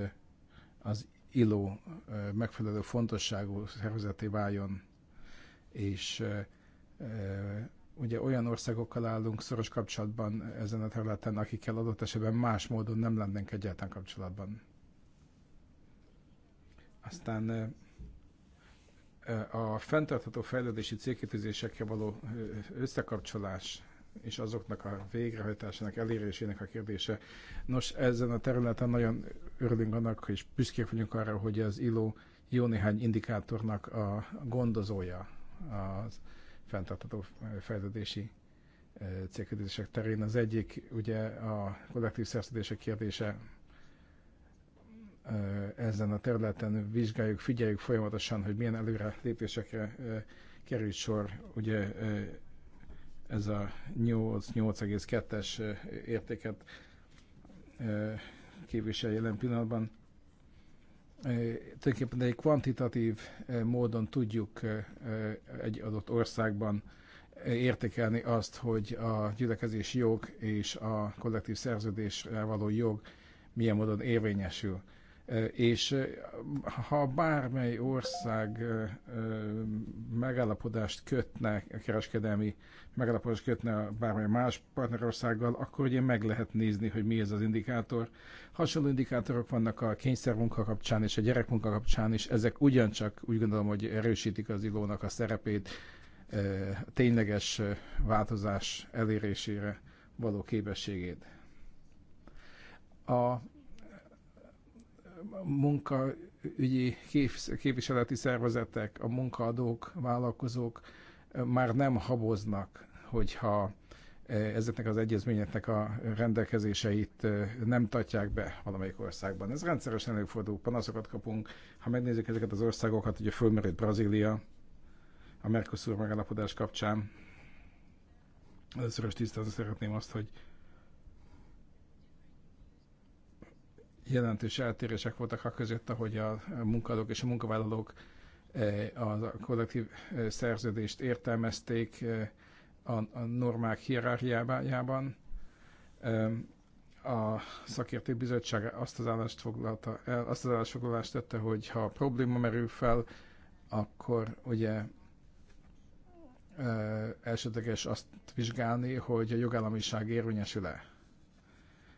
az illó megfelelő fontosságú szervezeté váljon, és ugye olyan országokkal állunk szoros kapcsolatban ezen a területen, akikkel adott esetben más módon nem lennénk egyáltalán kapcsolatban. Aztán a fenntartható fejlődési célkitűzésekkel való összekapcsolás és azoknak a végrehajtásának, elérésének a kérdése. Nos, ezen a területen nagyon örülünk annak, és büszkék vagyunk arra, hogy az ILO jó néhány indikátornak a gondozója a fenntartható fejlődési e, célkérdések terén. Az egyik ugye a kollektív szerződések kérdése e, ezen a területen vizsgáljuk, figyeljük folyamatosan, hogy milyen előre lépésekre e, került sor. Ugye ez a 82 es értéket képvisel jelen pillanatban. Tulajdonképpen egy kvantitatív módon tudjuk egy adott országban értékelni azt, hogy a gyülekezési jog és a kollektív szerződésre való jog milyen módon érvényesül és ha bármely ország megállapodást kötne, a kereskedelmi megállapodást kötne a bármely más partnerországgal, akkor ugye meg lehet nézni, hogy mi ez az indikátor. Hasonló indikátorok vannak a kényszermunka kapcsán és a gyerekmunka kapcsán is, ezek ugyancsak úgy gondolom, hogy erősítik az ilónak a szerepét a tényleges változás elérésére való képességét. A munkaügyi képviseleti szervezetek, a munkaadók, vállalkozók már nem haboznak, hogyha ezeknek az egyezményeknek a rendelkezéseit nem tartják be valamelyik országban. Ez rendszeresen előfordul, panaszokat kapunk. Ha megnézzük ezeket az országokat, ugye fölmerült Brazília a Mercosur megállapodás kapcsán. Először is tisztán szeretném azt, hogy jelentős eltérések voltak a között, ahogy a munkadók és a munkavállalók eh, a kollektív eh, szerződést értelmezték eh, a normák hierarchiájában. A szakértő bizottság azt az állást foglalta el, azt az állásfoglalást tette, hogy ha probléma merül fel, akkor ugye elsődleges azt vizsgálni, hogy a jogállamiság érvényesül-e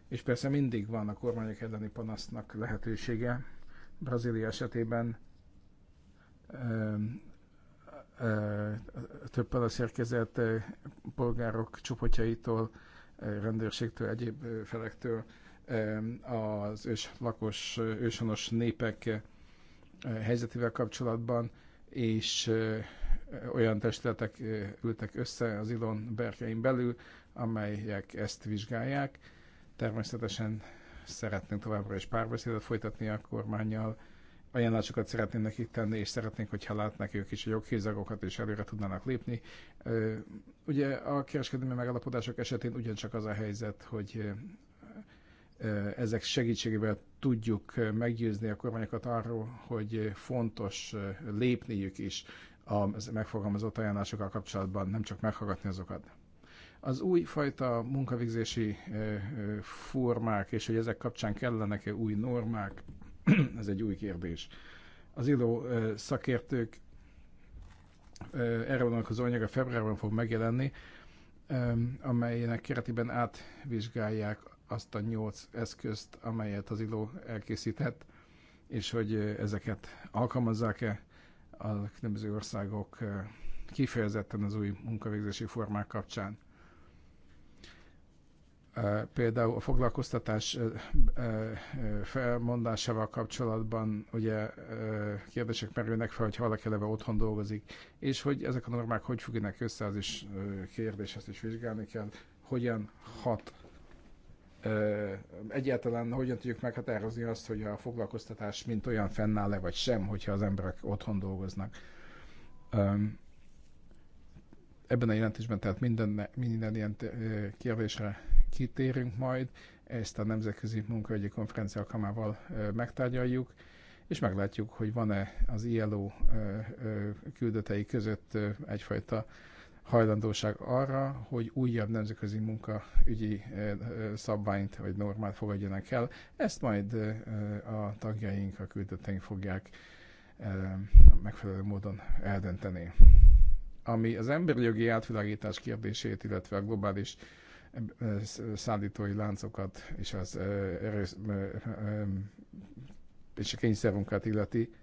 és persze mindig van a kormányok elleni panasznak lehetősége. Brazília esetében ö, ö, több panaszérkezett polgárok csoportjaitól, rendőrségtől, egyéb felektől az ős lakos, őshonos népek helyzetével kapcsolatban, és olyan testületek ültek össze az Ilon berkein belül, amelyek ezt vizsgálják Természetesen szeretnénk továbbra is párbeszédet folytatni a kormányjal, ajánlásokat szeretnénk nekik tenni, és szeretnénk, hogyha látnak ők is a joghézagokat, és előre tudnának lépni. Ugye a kereskedelmi megalapodások esetén ugyancsak az a helyzet, hogy ezek segítségével tudjuk meggyőzni a kormányokat arról, hogy fontos lépniük is a megfogalmazott ajánlásokkal kapcsolatban, nem csak meghallgatni azokat. Az új fajta munkavégzési eh, eh, formák, és hogy ezek kapcsán kellenek-e új normák, [clears throat] ez egy új kérdés. Az ILO eh, szakértők erre vonatkozó anyaga februárban fog megjelenni, amelynek keretében átvizsgálják azt a nyolc eszközt, amelyet az ILO elkészített, és hogy ezeket alkalmazzák-e a különböző országok kifejezetten az új munkavégzési formák kapcsán. Például a foglalkoztatás felmondásával kapcsolatban ugye kérdések merülnek fel, hogy valaki eleve otthon dolgozik, és hogy ezek a normák hogy függenek össze, az is kérdés, ezt is vizsgálni kell, hogyan hat egyáltalán hogyan tudjuk meghatározni azt, hogy a foglalkoztatás mint olyan fennáll-e, vagy sem, hogyha az emberek otthon dolgoznak. Ebben a jelentésben tehát minden, minden ilyen kérdésre kitérünk majd, ezt a Nemzetközi Munkaügyi Konferencia alkalmával megtárgyaljuk, és meglátjuk, hogy van-e az ILO küldetei között egyfajta hajlandóság arra, hogy újabb nemzetközi munkaügyi szabványt vagy normát fogadjanak el. Ezt majd a tagjaink, a küldeteink fogják megfelelő módon eldönteni. Ami az emberi jogi átvilágítás kérdését, illetve a globális szállítói láncokat és az erősz, és a kényszerunkat illeti.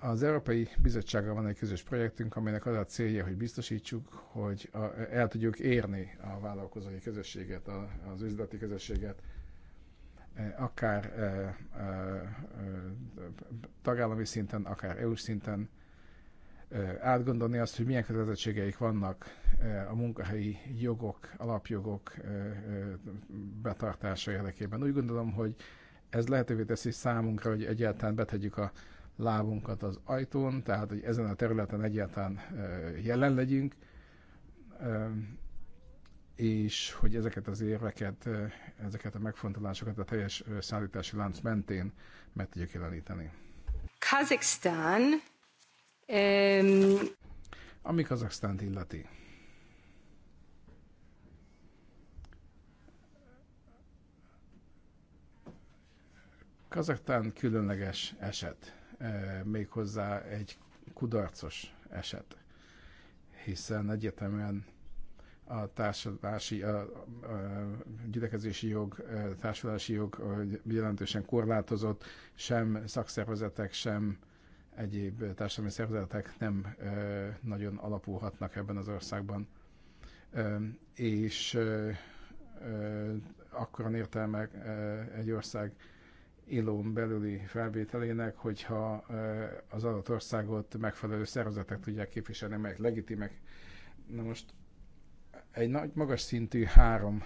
Az Európai Bizottsággal van egy közös projektünk, amelynek az a célja, hogy biztosítsuk, hogy a, el tudjuk érni a vállalkozói közösséget, a, az üzleti közösséget, akár e, e, tagállami szinten, akár EU-s szinten, átgondolni azt, hogy milyen kötelezettségeik vannak a munkahelyi jogok, alapjogok betartása érdekében. Úgy gondolom, hogy ez lehetővé teszi számunkra, hogy egyáltalán betegyük a lábunkat az ajtón, tehát hogy ezen a területen egyáltalán jelen legyünk, és hogy ezeket az érveket, ezeket a megfontolásokat a teljes szállítási lánc mentén meg tudjuk jeleníteni. Kazakhstan ami Kazaksztánt illeti. Kazaksztán különleges eset, e, méghozzá egy kudarcos eset, hiszen egyetemen a társadalmi, a, a gyülekezési jog, e, társadalmi jog jelentősen korlátozott, sem szakszervezetek, sem egyéb társadalmi szervezetek nem nagyon alapulhatnak ebben az országban. És akkor értelme egy ország illón belüli felvételének, hogyha az adott országot megfelelő szervezetek tudják képviselni, melyek legitimek. Na most egy nagy, magas szintű három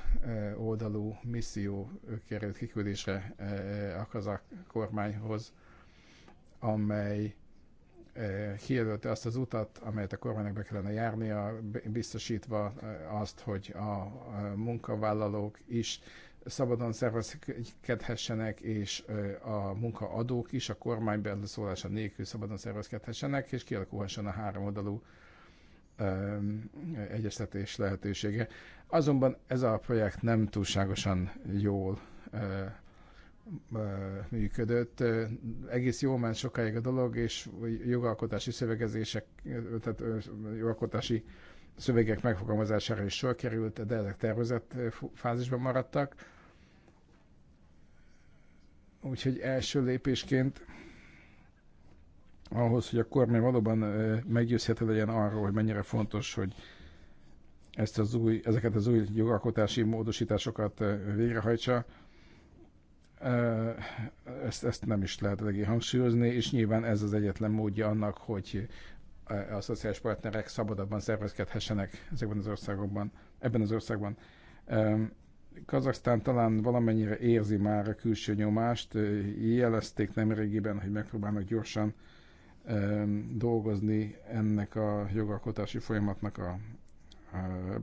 oldalú misszió került kiküldésre a kormányhoz, amely kijelölte eh, azt az utat, amelyet a kormánynak be kellene járnia, biztosítva eh, azt, hogy a munkavállalók is szabadon szervezkedhessenek, és eh, a munkaadók is a kormány beleszólása nélkül szabadon szervezkedhessenek, és kialakulhasson a három oldalú egyeztetés lehetősége. Azonban ez a projekt nem túlságosan jól működött. Egész jól ment sokáig a dolog, és jogalkotási szövegezések, tehát jogalkotási szövegek megfogalmazására is sor került, de ezek tervezett fázisban maradtak. Úgyhogy első lépésként ahhoz, hogy a kormány valóban meggyőzhető legyen arról, hogy mennyire fontos, hogy ezt az új, ezeket az új jogalkotási módosításokat végrehajtsa, ezt, ezt nem is lehet eléggé hangsúlyozni, és nyilván ez az egyetlen módja annak, hogy a szociális partnerek szabadabban szervezkedhessenek ezekben az országokban, ebben az országban. Kazaksztán talán valamennyire érzi már a külső nyomást, jelezték nemrégiben, hogy megpróbálnak gyorsan dolgozni ennek a jogalkotási folyamatnak a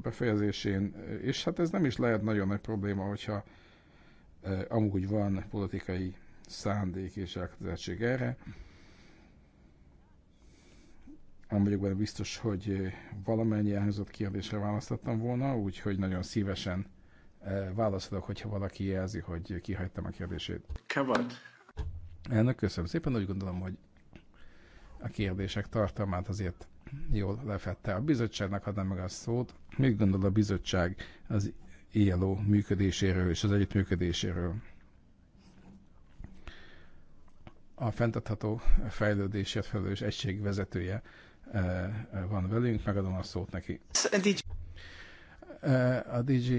befejezésén, és hát ez nem is lehet nagyon nagy probléma, hogyha amúgy van politikai szándék és elkötelezettség erre. Nem vagyok benne biztos, hogy valamennyi elhangzott kérdésre választottam volna, úgyhogy nagyon szívesen válaszolok, hogyha valaki jelzi, hogy kihagytam a kérdését. Kevad. Elnök, köszönöm szépen, úgy gondolom, hogy a kérdések tartalmát azért jól lefette. A bizottságnak adnám meg a szót. Mit gondol a bizottság az ILO működéséről és az együttműködéséről. A fenntartható fejlődésért felelős egység vezetője eh, eh, van velünk, megadom a szót neki. A DG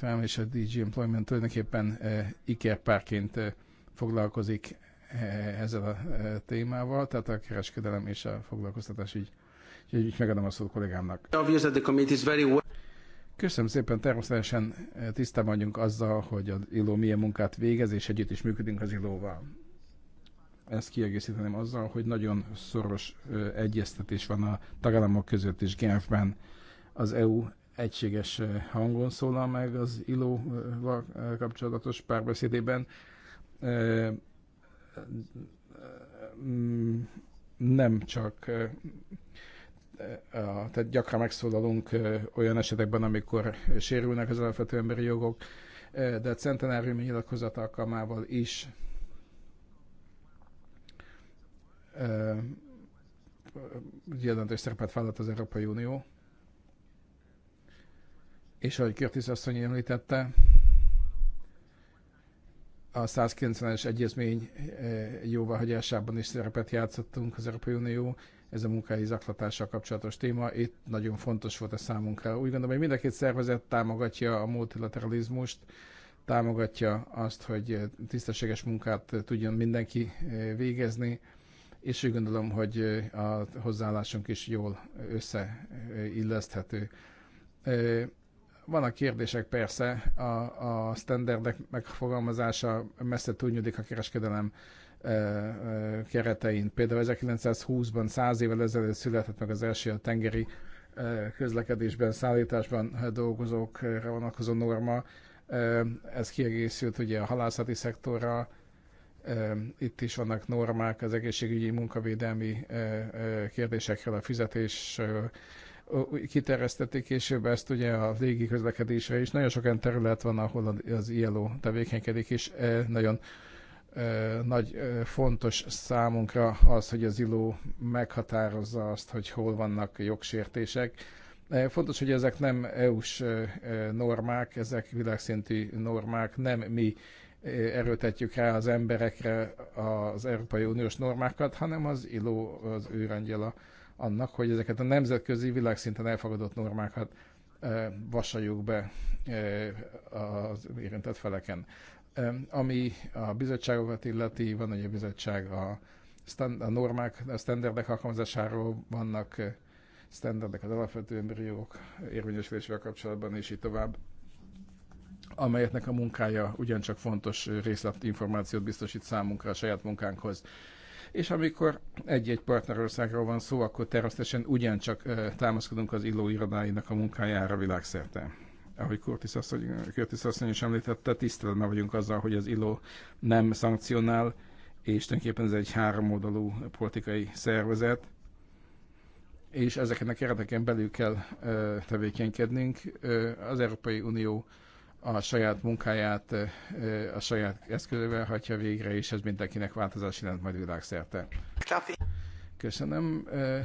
eh, és a DG Employment tulajdonképpen ikerpárként foglalkozik ezzel a témával, tehát a kereskedelem és a foglalkoztatás így. így megadom a szót kollégámnak. Köszönöm szépen, természetesen eh, tisztában vagyunk azzal, hogy az ILO milyen munkát végez, és együtt is működünk az ILO-val. Ezt kiegészíteném azzal, hogy nagyon szoros eh, egyeztetés van a tagállamok között is. Genfben. Az EU egységes eh, hangon szólal meg az ILO-val kapcsolatos párbeszédében. Mm, nem csak tehát gyakran megszólalunk olyan esetekben, amikor sérülnek az alapvető emberi jogok, de a centenáriumi nyilatkozat alkalmával is jelentős szerepet vállalt az Európai Unió. És ahogy Kirtis asszony említette, a 190-es egyezmény jóváhagyásában is szerepet játszottunk az Európai Unió ez a munkahelyi zaklatással kapcsolatos téma. Itt nagyon fontos volt a számunkra. Úgy gondolom, hogy mind a két szervezet támogatja a multilateralizmust, támogatja azt, hogy tisztességes munkát tudjon mindenki eh, végezni, és úgy gondolom, hogy eh, a hozzáállásunk is jól összeilleszthető. Eh, vannak kérdések persze, a, a standardek megfogalmazása messze túlnyúlik a kereskedelem keretein. Például 1920-ban, száz évvel ezelőtt született meg az első a tengeri közlekedésben, szállításban dolgozókra vonatkozó norma. Ez kiegészült ugye a halászati szektorra itt is vannak normák az egészségügyi munkavédelmi kérdésekről, a fizetés kiterjesztették később ezt ugye a légi közlekedésre is. Nagyon sok olyan terület van, ahol az ILO tevékenykedik, és nagyon nagy fontos számunkra az, hogy az ILO meghatározza azt, hogy hol vannak jogsértések. Fontos, hogy ezek nem EU-s normák, ezek világszintű normák, nem mi erőtetjük rá az emberekre az Európai Uniós normákat, hanem az ILO az őrangyala annak, hogy ezeket a nemzetközi világszinten elfogadott normákat vasaljuk be az érintett feleken. Ami a bizottságokat illeti, van ugye a bizottság a, stand, a normák, a standardek alkalmazásáról vannak eh, standardek az alapvető emberi jogok érvényesülésével kapcsolatban, és így tovább amelyeknek a munkája ugyancsak fontos részlet információt biztosít számunkra a saját munkánkhoz. És amikor egy-egy partnerországról van szó, akkor természetesen ugyancsak eh, támaszkodunk az illó irodáinak a munkájára világszerte ahogy Curtis asszony, Curtis asszony is említette, tiszteletben vagyunk azzal, hogy az ILO nem szankcionál, és tulajdonképpen ez egy háromoldalú politikai szervezet, és ezeknek kereteken belül kell ö, tevékenykednünk. Ö, az Európai Unió a saját munkáját ö, a saját eszközével hagyja végre, és ez mindenkinek változás jelent majd világszerte. Köszönöm. Ö,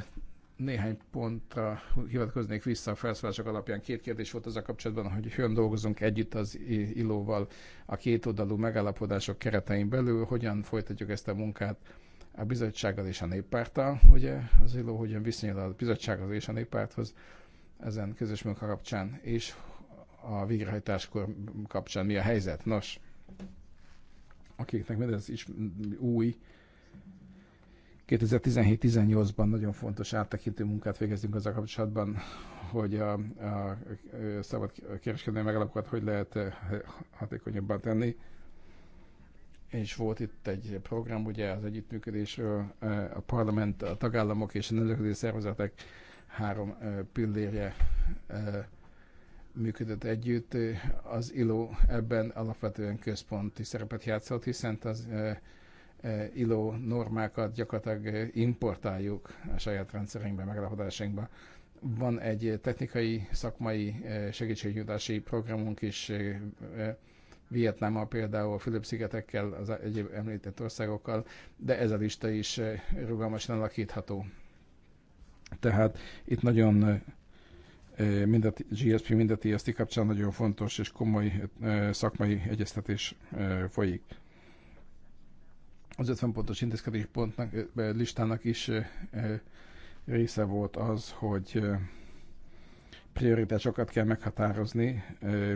néhány pontra hivatkoznék vissza a felszólások alapján. Két kérdés volt az a kapcsolatban, hogy hogyan dolgozunk együtt az ilóval a két oldalú megállapodások keretein belül, hogyan folytatjuk ezt a munkát a bizottsággal és a néppárttal, ugye az iló hogyan viszonyul a bizottsághoz és a néppárthoz ezen közös munka kapcsán, és a végrehajtáskor kapcsán mi a helyzet. Nos, akiknek mindez is új, 2017-18-ban nagyon fontos áttekintő munkát végeztünk azzal kapcsolatban, hogy a, a, a szabad kereskedelmi megalapokat hogy lehet hatékonyabban tenni. És volt itt egy program, ugye az együttműködésről, a parlament, a tagállamok és a nemzetközi szervezetek három pillérje működött együtt. Az ILO ebben alapvetően központi szerepet játszott, hiszen az E, illó normákat gyakorlatilag e, importáljuk a saját rendszerünkbe, megállapodásainkba. Van egy technikai, szakmai e, segítségnyújtási programunk is Vietnámmal például, Fülöp-szigetekkel, az egyéb említett országokkal, de ez a lista is rugalmasan alakítható. Tehát itt nagyon mind a GSP, mind a TST kapcsán nagyon fontos és komoly szakmai egyeztetés folyik az 50 pontos intézkedés pontnak, eh, listának is eh, eh, része volt az, hogy prioritásokat kell meghatározni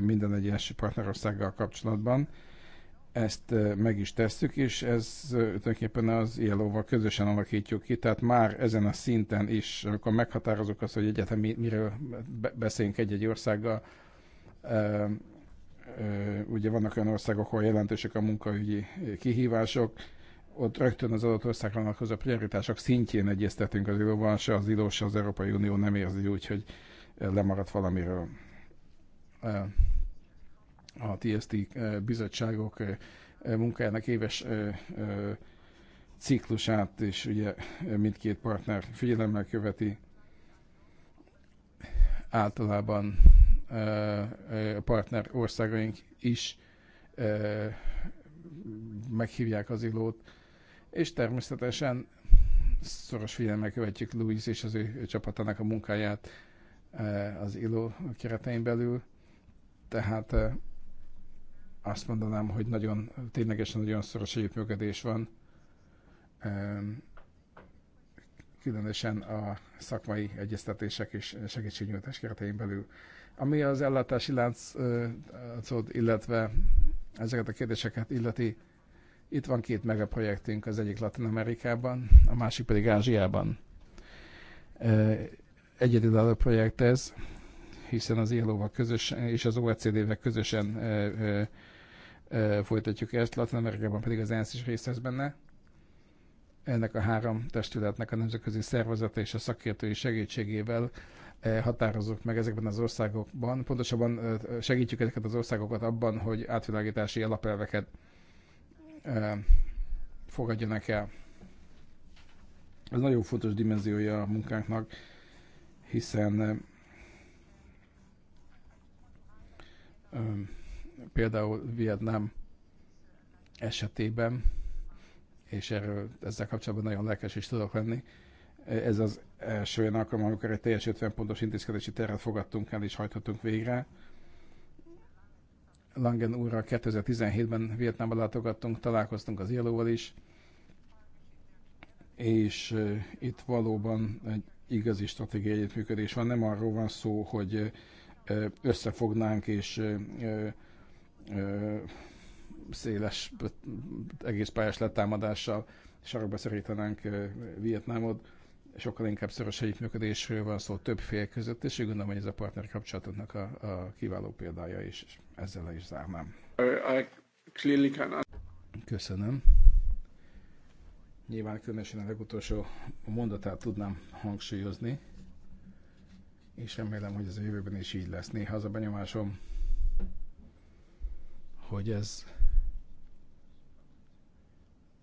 minden egyes partnerországgal kapcsolatban. Ezt meg is tesszük, és ez tulajdonképpen az ILO-val közösen alakítjuk ki, tehát már ezen a szinten is, amikor meghatározunk azt, hogy egyetem miről beszélünk egy-egy országgal, ugye vannak olyan országok, ahol jelentősek a munkaügyi kihívások, ott rögtön az adott országra a prioritások szintjén egyeztetünk az idóban, se az idó, se az Európai Unió nem érzi úgy, hogy lemaradt valamiről. A TST bizottságok munkájának éves ciklusát is ugye mindkét partner figyelemmel követi. Általában a partner országaink is meghívják az ilót és természetesen szoros figyelemmel követjük Louis és az ő, ő csapatának a munkáját eh, az ILO keretein belül, tehát eh, azt mondanám, hogy nagyon, ténylegesen nagyon szoros együttműködés van, különösen a szakmai egyeztetések és segítségnyújtás keretein belül. Ami az ellátási láncot, eh, illetve ezeket a kérdéseket illeti, itt van két megaprojektünk, az egyik Latin Amerikában, a másik pedig Ázsiában. Egyedülálló projekt ez, hiszen az ILO-val közösen és az OECD-vel közösen folytatjuk ezt, Latin Amerikában pedig az ENSZ is részt vesz benne. Ennek a három testületnek a nemzetközi szervezete és a szakértői segítségével határozzuk meg ezekben az országokban. Pontosabban segítjük ezeket az országokat abban, hogy átvilágítási alapelveket fogadjanak el. Ez nagyon fontos dimenziója a munkánknak, hiszen például Vietnám esetében, és erről ezzel kapcsolatban nagyon lelkes is tudok lenni, ez az első olyan alkalom, amikor egy teljes 50 pontos intézkedési tervet fogadtunk el és hajthatunk végre. Langen úrral 2017-ben Vietnámba látogattunk, találkoztunk az Yellow-val is, és itt valóban egy igazi stratégiai együttműködés van. Nem arról van szó, hogy összefognánk és széles, egész pályás letámadással sarokba szorítanánk Vietnámot sokkal inkább szoros együttműködésről van szó több fél között, és úgy gondolom, hogy ez a partner kapcsolatoknak a, a kiváló példája, és ezzel le is zárnám. Köszönöm. Nyilván különösen a legutolsó mondatát tudnám hangsúlyozni, és remélem, hogy ez a jövőben is így lesz. Néha az a benyomásom, hogy ez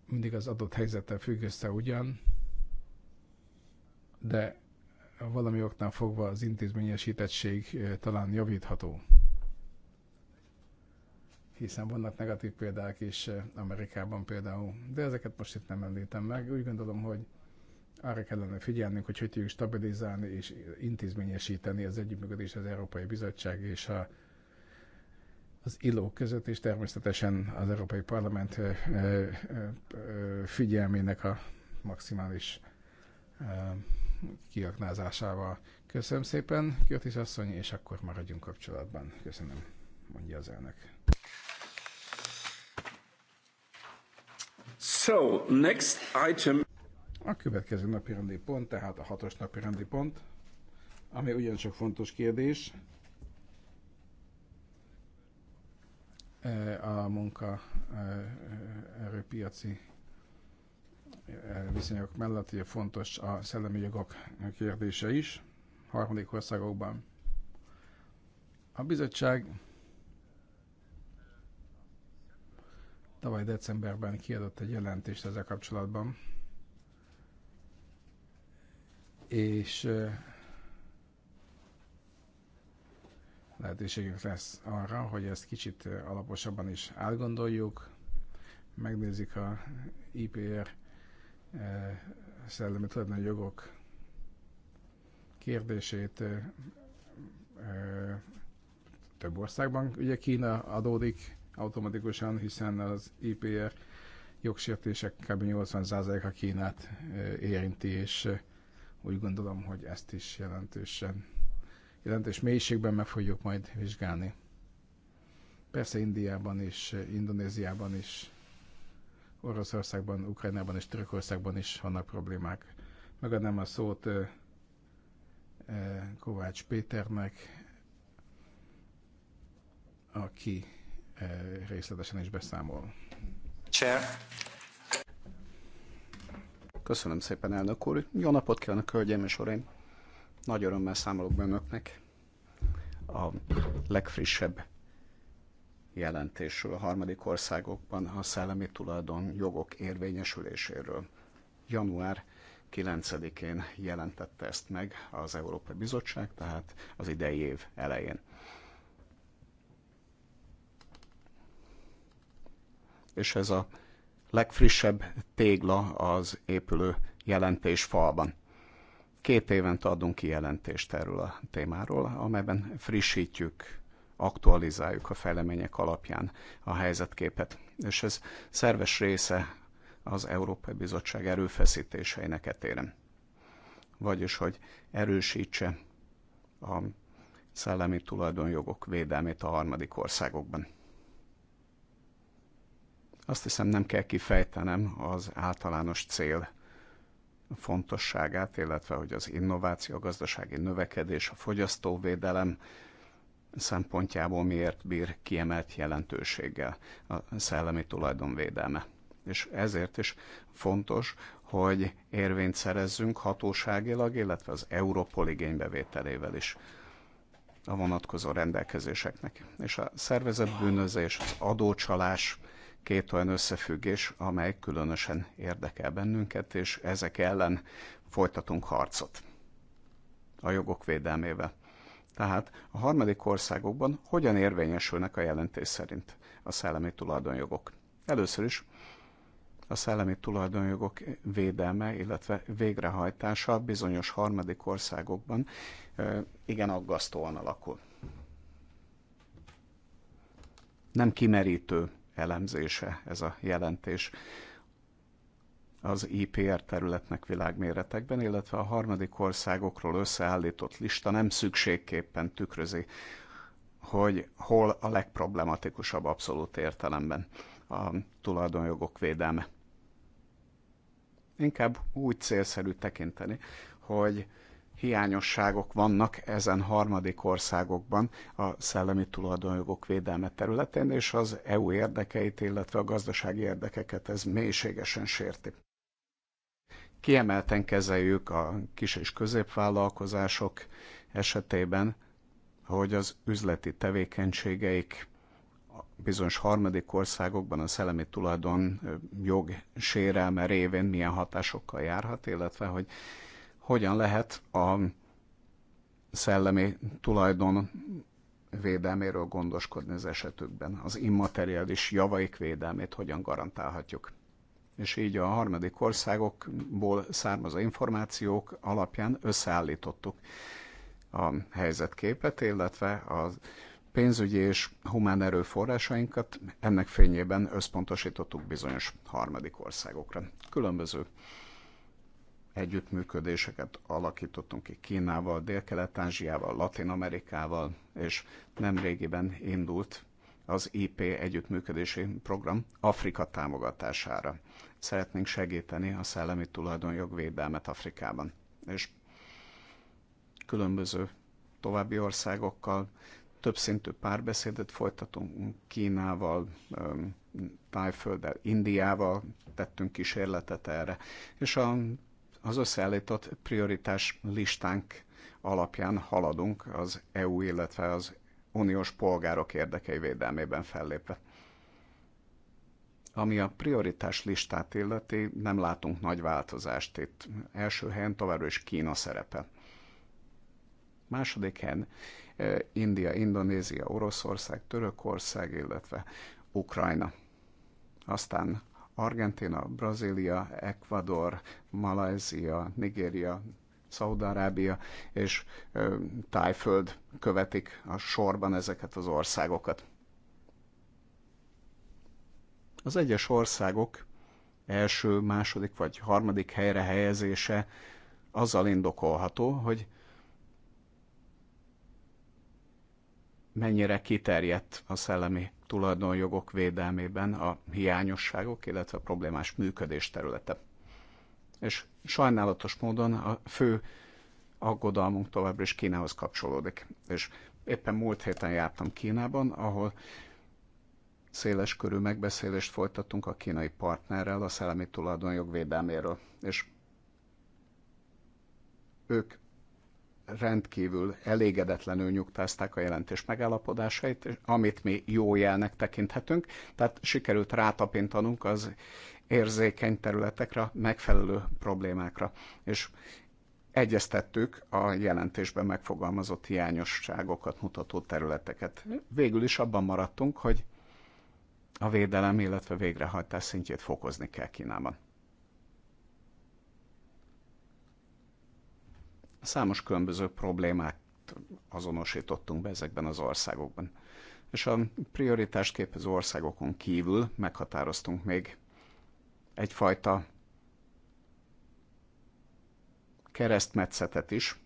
mindig az adott helyzettel függ össze ugyan, de valami oknál fogva az intézményesítettség talán javítható. Hiszen vannak negatív példák is Amerikában például, de ezeket most itt nem említem meg. Úgy gondolom, hogy arra kellene figyelnünk, hogy hogy tudjuk stabilizálni és intézményesíteni az együttműködés az Európai Bizottság és a, az ILO között, és természetesen az Európai Parlament figyelmének a maximális kiaknázásával. Köszönöm szépen, Kürtis asszony, és akkor maradjunk kapcsolatban. Köszönöm, mondja az elnök. So, next item. A következő napi rendi pont, tehát a hatos napi rendi pont, ami ugyancsak fontos kérdés. E, a munka e, e, erőpiaci viszonyok mellett ugye fontos a szellemi jogok kérdése is harmadik országokban. A bizottság tavaly decemberben kiadott egy jelentést ezzel kapcsolatban, és lehetőségünk lesz arra, hogy ezt kicsit alaposabban is átgondoljuk, megnézzük a IPR E, szellemi tulajdoni jogok kérdését e, e, több országban. Ugye Kína adódik automatikusan, hiszen az IPR jogsértések kb. 80%-a Kínát érinti, és úgy gondolom, hogy ezt is jelentősen, jelentős mélységben meg fogjuk majd vizsgálni. Persze Indiában is, Indonéziában is Oroszországban, Ukrajnában és Törökországban is vannak problémák. Megadnám a szót Kovács Péternek, aki részletesen is beszámol. Chair.
Köszönöm szépen, elnök úr. Jó napot kívánok, hölgyeim és uraim. Nagy örömmel számolok be önöknek a legfrissebb jelentésről, harmadik országokban a szellemi tulajdon jogok érvényesüléséről. Január 9-én jelentette ezt meg az Európai Bizottság, tehát az idei év elején. És ez a legfrissebb tégla az épülő jelentés falban. Két évent adunk ki jelentést erről a témáról, amelyben frissítjük aktualizáljuk a fejlemények alapján a helyzetképet. És ez szerves része az Európai Bizottság erőfeszítéseinek etéren. Vagyis, hogy erősítse a szellemi tulajdonjogok védelmét a harmadik országokban. Azt hiszem nem kell kifejtenem az általános cél fontosságát, illetve hogy az innováció, a gazdasági növekedés, a fogyasztóvédelem, szempontjából miért bír kiemelt jelentőséggel a szellemi tulajdonvédelme. És ezért is fontos, hogy érvényt szerezzünk hatóságilag, illetve az Európol igénybevételével is a vonatkozó rendelkezéseknek. És a szervezett bűnözés, az adócsalás két olyan összefüggés, amely különösen érdekel bennünket, és ezek ellen folytatunk harcot a jogok védelmével. Tehát a harmadik országokban hogyan érvényesülnek a jelentés szerint a szellemi tulajdonjogok? Először is a szellemi tulajdonjogok védelme, illetve végrehajtása bizonyos harmadik országokban igen aggasztóan alakul. Nem kimerítő elemzése ez a jelentés az IPR területnek világméretekben, illetve a harmadik országokról összeállított lista nem szükségképpen tükrözi, hogy hol a legproblematikusabb abszolút értelemben a tulajdonjogok védelme. Inkább úgy célszerű tekinteni, hogy hiányosságok vannak ezen harmadik országokban a szellemi tulajdonjogok védelme területén, és az EU érdekeit, illetve a gazdasági érdekeket ez mélységesen sérti. Kiemelten kezeljük a kis és középvállalkozások esetében, hogy az üzleti tevékenységeik bizonyos harmadik országokban a szellemi tulajdon jog sérelme révén milyen hatásokkal járhat, illetve hogy hogyan lehet a szellemi tulajdon védelméről gondoskodni az esetükben, az immateriális javaik védelmét hogyan garantálhatjuk és így a harmadik országokból származó információk alapján összeállítottuk a helyzetképet, illetve a pénzügyi és humán erőforrásainkat ennek fényében összpontosítottuk bizonyos harmadik országokra. Különböző együttműködéseket alakítottunk ki Kínával, Dél-Kelet-Ázsiával, Latin-Amerikával, és nemrégiben indult az IP együttműködési program Afrika támogatására. Szeretnénk segíteni a szellemi tulajdonjog védelmet Afrikában. És különböző további országokkal többszintű párbeszédet folytatunk Kínával, Tájfölddel, Indiával tettünk kísérletet erre, és a, az összeállított prioritás listánk alapján haladunk az EU, illetve az uniós polgárok érdekei védelmében fellépve. Ami a prioritás listát illeti, nem látunk nagy változást itt. Első helyen továbbra is Kína szerepe. Második helyen eh, India, Indonézia, Oroszország, Törökország, illetve Ukrajna. Aztán Argentina, Brazília, Ecuador, Malajzia, Nigéria, Szaudarábia és Tájföld követik a sorban ezeket az országokat. Az egyes országok első, második vagy harmadik helyre helyezése azzal indokolható, hogy mennyire kiterjedt a szellemi tulajdonjogok védelmében a hiányosságok, illetve a problémás működés területe és sajnálatos módon a fő aggodalmunk továbbra is Kínához kapcsolódik. És éppen múlt héten jártam Kínában, ahol széles körű megbeszélést folytattunk a kínai partnerrel a szellemi tulajdonjog védelméről, és ők rendkívül elégedetlenül nyugtázták a jelentés megállapodásait, amit mi jó jelnek tekinthetünk, tehát sikerült rátapintanunk az érzékeny területekre, megfelelő problémákra. És egyeztettük a jelentésben megfogalmazott hiányosságokat mutató területeket. Végül is abban maradtunk, hogy a védelem, illetve végrehajtás szintjét fokozni kell Kínában. Számos különböző problémát azonosítottunk be ezekben az országokban. És a prioritást képező országokon kívül meghatároztunk még egyfajta keresztmetszetet is,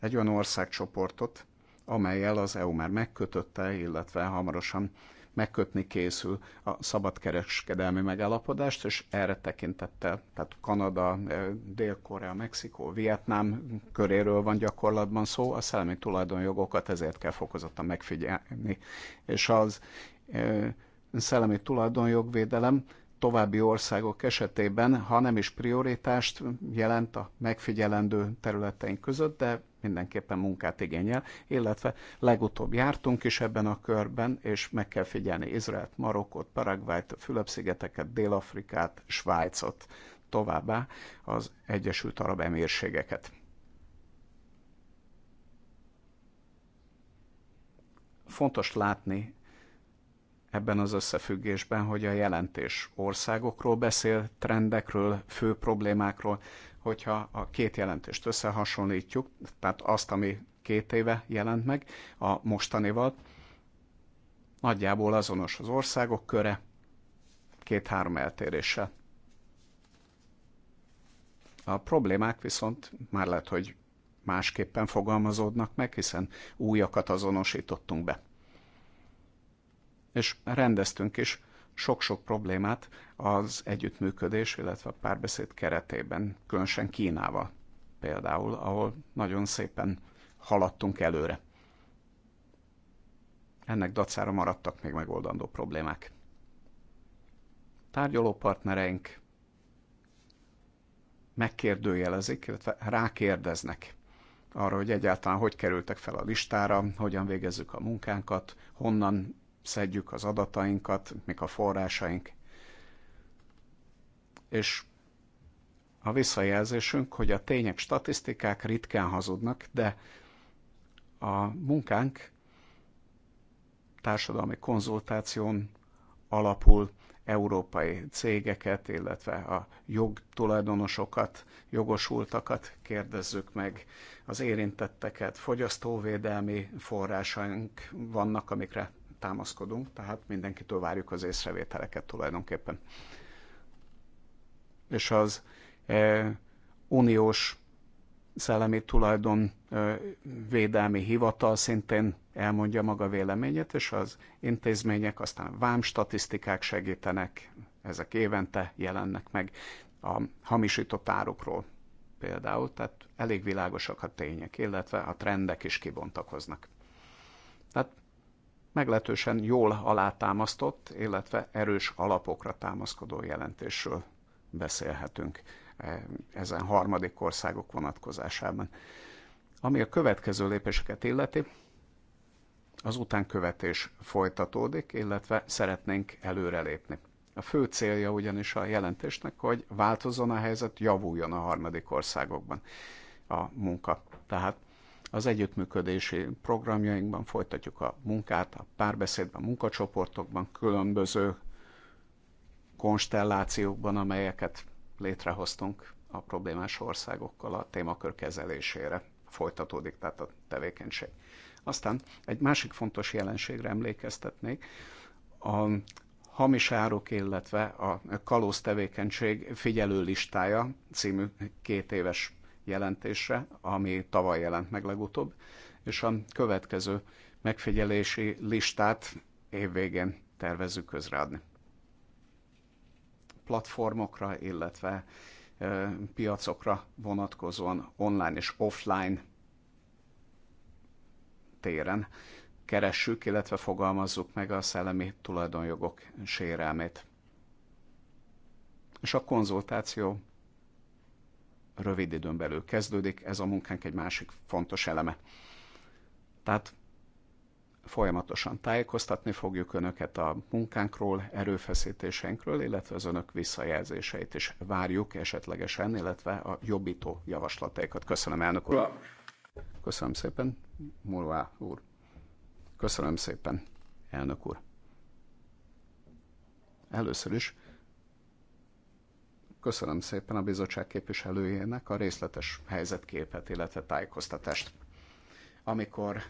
egy olyan országcsoportot, amelyel az EU már megkötötte, illetve hamarosan megkötni készül a szabadkereskedelmi megállapodást, és erre tekintettel, tehát Kanada, eh, Dél-Korea, Mexikó, Vietnám köréről van gyakorlatban szó, a szellemi tulajdonjogokat ezért kell fokozottan megfigyelni. És az eh, szellemi tulajdonjogvédelem további országok esetében, ha nem is prioritást jelent a megfigyelendő területeink között, de mindenképpen munkát igényel, illetve legutóbb jártunk is ebben a körben, és meg kell figyelni Izraelt, Marokkot, Paraguayt, Fülöp-szigeteket, Dél-Afrikát, Svájcot, továbbá az Egyesült Arab Emírségeket. Fontos látni ebben az összefüggésben, hogy a jelentés országokról beszél, trendekről, fő problémákról, hogyha a két jelentést összehasonlítjuk, tehát azt, ami két éve jelent meg a mostanival, nagyjából azonos az országok köre, két-három eltéréssel. A problémák viszont már lehet, hogy másképpen fogalmazódnak meg, hiszen újakat azonosítottunk be. És rendeztünk is sok-sok problémát az együttműködés, illetve a párbeszéd keretében, különösen Kínával például, ahol nagyon szépen haladtunk előre. Ennek dacára maradtak még megoldandó problémák. Tárgyaló partnereink megkérdőjelezik, illetve rákérdeznek arra, hogy egyáltalán hogy kerültek fel a listára, hogyan végezzük a munkánkat, honnan szedjük az adatainkat, mik a forrásaink. És a visszajelzésünk, hogy a tények, statisztikák ritkán hazudnak, de a munkánk társadalmi konzultáción alapul európai cégeket, illetve a jogtulajdonosokat, jogosultakat kérdezzük meg, az érintetteket, fogyasztóvédelmi forrásaink vannak, amikre támaszkodunk, tehát mindenkitől várjuk az észrevételeket tulajdonképpen. És az e, uniós szellemi tulajdon e, védelmi hivatal szintén elmondja maga véleményét, és az intézmények, aztán vám statisztikák segítenek, ezek évente jelennek meg a hamisított árukról például, tehát elég világosak a tények, illetve a trendek is kibontakoznak. Tehát meglehetősen jól alátámasztott, illetve erős alapokra támaszkodó jelentésről beszélhetünk e, ezen harmadik országok vonatkozásában. Ami a következő lépéseket illeti, az utánkövetés folytatódik, illetve szeretnénk előrelépni. A fő célja ugyanis a jelentésnek, hogy változzon a helyzet, javuljon a harmadik országokban a munka. Tehát az együttműködési programjainkban folytatjuk a munkát, a párbeszédben, a munkacsoportokban, különböző konstellációkban, amelyeket létrehoztunk a problémás országokkal a témakör kezelésére folytatódik, tehát a tevékenység. Aztán egy másik fontos jelenségre emlékeztetnék, a hamis árok, illetve a kalóz tevékenység figyelő listája című két éves jelentésre, ami tavaly jelent meg legutóbb, és a következő megfigyelési listát évvégén tervezzük közreadni. Platformokra, illetve piacokra vonatkozóan online és offline téren keressük, illetve fogalmazzuk meg a szellemi tulajdonjogok sérelmét. És a konzultáció rövid időn belül kezdődik, ez a munkánk egy másik fontos eleme. Tehát folyamatosan tájékoztatni fogjuk önöket a munkánkról, erőfeszítéseinkről, illetve az önök visszajelzéseit is várjuk esetlegesen, illetve a jobbító javaslataikat. Köszönöm, elnök úr! Köszönöm szépen, Mulvá úr! Köszönöm szépen, elnök úr! Először is Köszönöm szépen a bizottság képviselőjének a részletes helyzetképet, illetve tájékoztatást. Amikor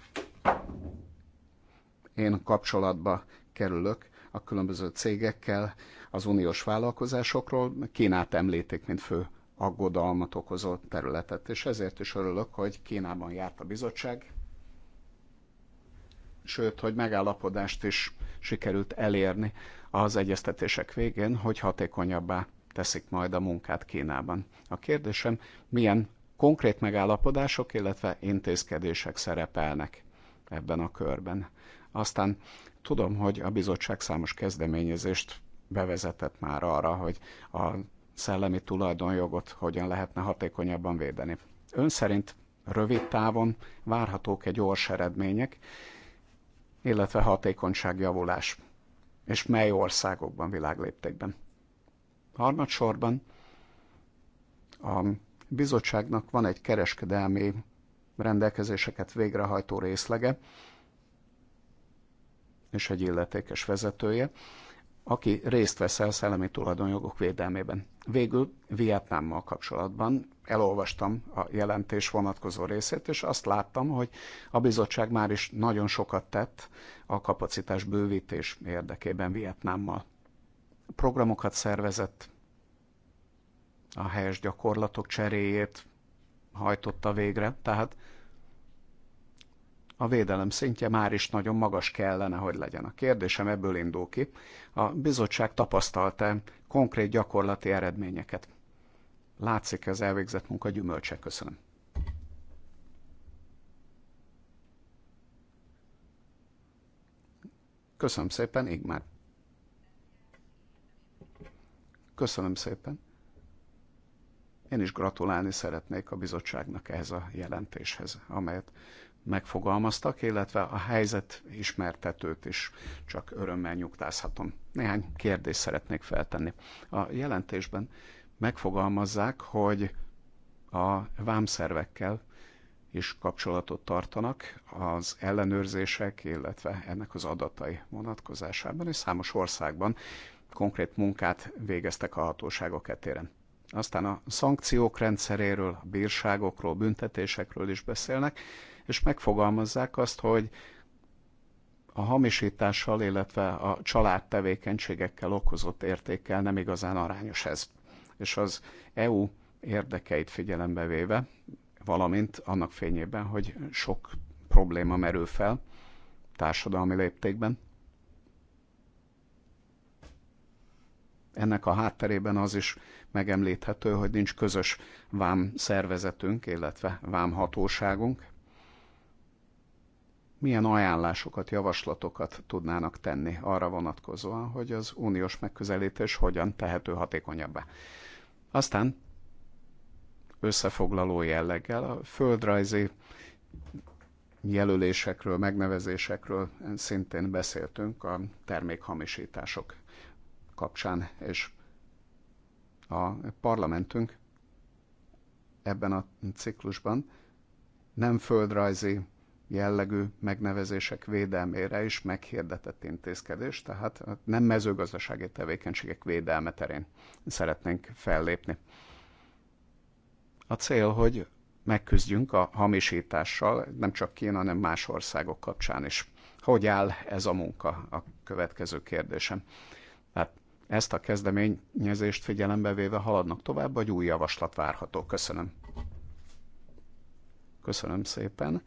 én kapcsolatba kerülök a különböző cégekkel, az uniós vállalkozásokról, Kínát említik, mint fő aggodalmat okozó területet, és ezért is örülök, hogy Kínában járt a bizottság, sőt, hogy megállapodást is sikerült elérni az egyeztetések végén, hogy hatékonyabbá teszik majd a munkát Kínában. A kérdésem, milyen konkrét megállapodások, illetve intézkedések szerepelnek ebben a körben. Aztán tudom, hogy a bizottság számos kezdeményezést bevezetett már arra, hogy a szellemi tulajdonjogot hogyan lehetne hatékonyabban védeni. Ön szerint rövid távon várhatók egy gyors eredmények, illetve hatékonyságjavulás, és mely országokban világléptékben? Harmadsorban a bizottságnak van egy kereskedelmi rendelkezéseket végrehajtó részlege, és egy illetékes vezetője, aki részt vesz el szellemi tulajdonjogok védelmében. Végül Vietnámmal kapcsolatban elolvastam a jelentés vonatkozó részét, és azt láttam, hogy a bizottság már is nagyon sokat tett a kapacitás bővítés érdekében Vietnámmal programokat szervezett, a helyes gyakorlatok cseréjét hajtotta végre, tehát a védelem szintje már is nagyon magas kellene, hogy legyen. A kérdésem ebből indul ki. A bizottság tapasztalta konkrét gyakorlati eredményeket. Látszik az elvégzett munka gyümölcse. Köszönöm. Köszönöm szépen, már. Köszönöm szépen. Én is gratulálni szeretnék a bizottságnak ehhez a jelentéshez, amelyet megfogalmaztak, illetve a helyzet ismertetőt is csak örömmel nyugtázhatom. Néhány kérdést szeretnék feltenni. A jelentésben megfogalmazzák, hogy a vámszervekkel is kapcsolatot tartanak az ellenőrzések, illetve ennek az adatai vonatkozásában, és számos országban konkrét munkát végeztek a hatóságok etéren. Aztán a szankciók rendszeréről, a bírságokról, büntetésekről is beszélnek, és megfogalmazzák azt, hogy a hamisítással, illetve a család tevékenységekkel okozott értékkel nem igazán arányos ez. És az EU érdekeit figyelembe véve, valamint annak fényében, hogy sok probléma merül fel társadalmi léptékben, Ennek a hátterében az is megemlíthető, hogy nincs közös vám szervezetünk, illetve vám hatóságunk. Milyen ajánlásokat, javaslatokat tudnának tenni arra vonatkozóan, hogy az uniós megközelítés hogyan tehető hatékonyabbá. Aztán összefoglaló jelleggel a földrajzi jelölésekről, megnevezésekről szintén beszéltünk a termékhamisítások kapcsán, és a parlamentünk ebben a ciklusban nem földrajzi jellegű megnevezések védelmére is meghirdetett intézkedés, tehát nem mezőgazdasági tevékenységek védelme terén szeretnénk fellépni. A cél, hogy megküzdjünk a hamisítással, nem csak Kína, hanem más országok kapcsán is. Hogy áll ez a munka? A következő kérdésem. Ezt a kezdeményezést figyelembe véve haladnak tovább, vagy új javaslat várható. Köszönöm. Köszönöm szépen.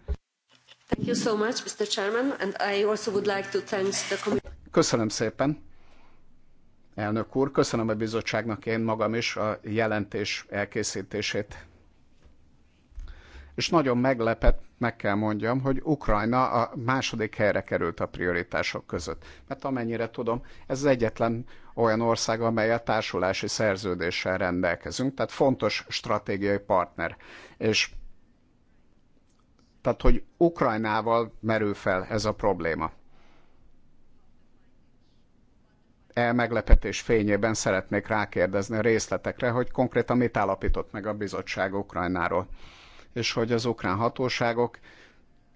Thank you so much, Mr. Chairman, and I also would like to thank the
Köszönöm szépen. Elnök úr, köszönöm a bizottságnak én magam is a jelentés elkészítését és nagyon meglepett, meg kell mondjam, hogy Ukrajna a második helyre került a prioritások között. Mert amennyire tudom, ez az egyetlen olyan ország, amely a társulási szerződéssel rendelkezünk, tehát fontos stratégiai partner. És tehát, hogy Ukrajnával merül fel ez a probléma. E meglepetés fényében szeretnék rákérdezni a részletekre, hogy konkrétan mit állapított meg a bizottság Ukrajnáról és hogy az ukrán hatóságok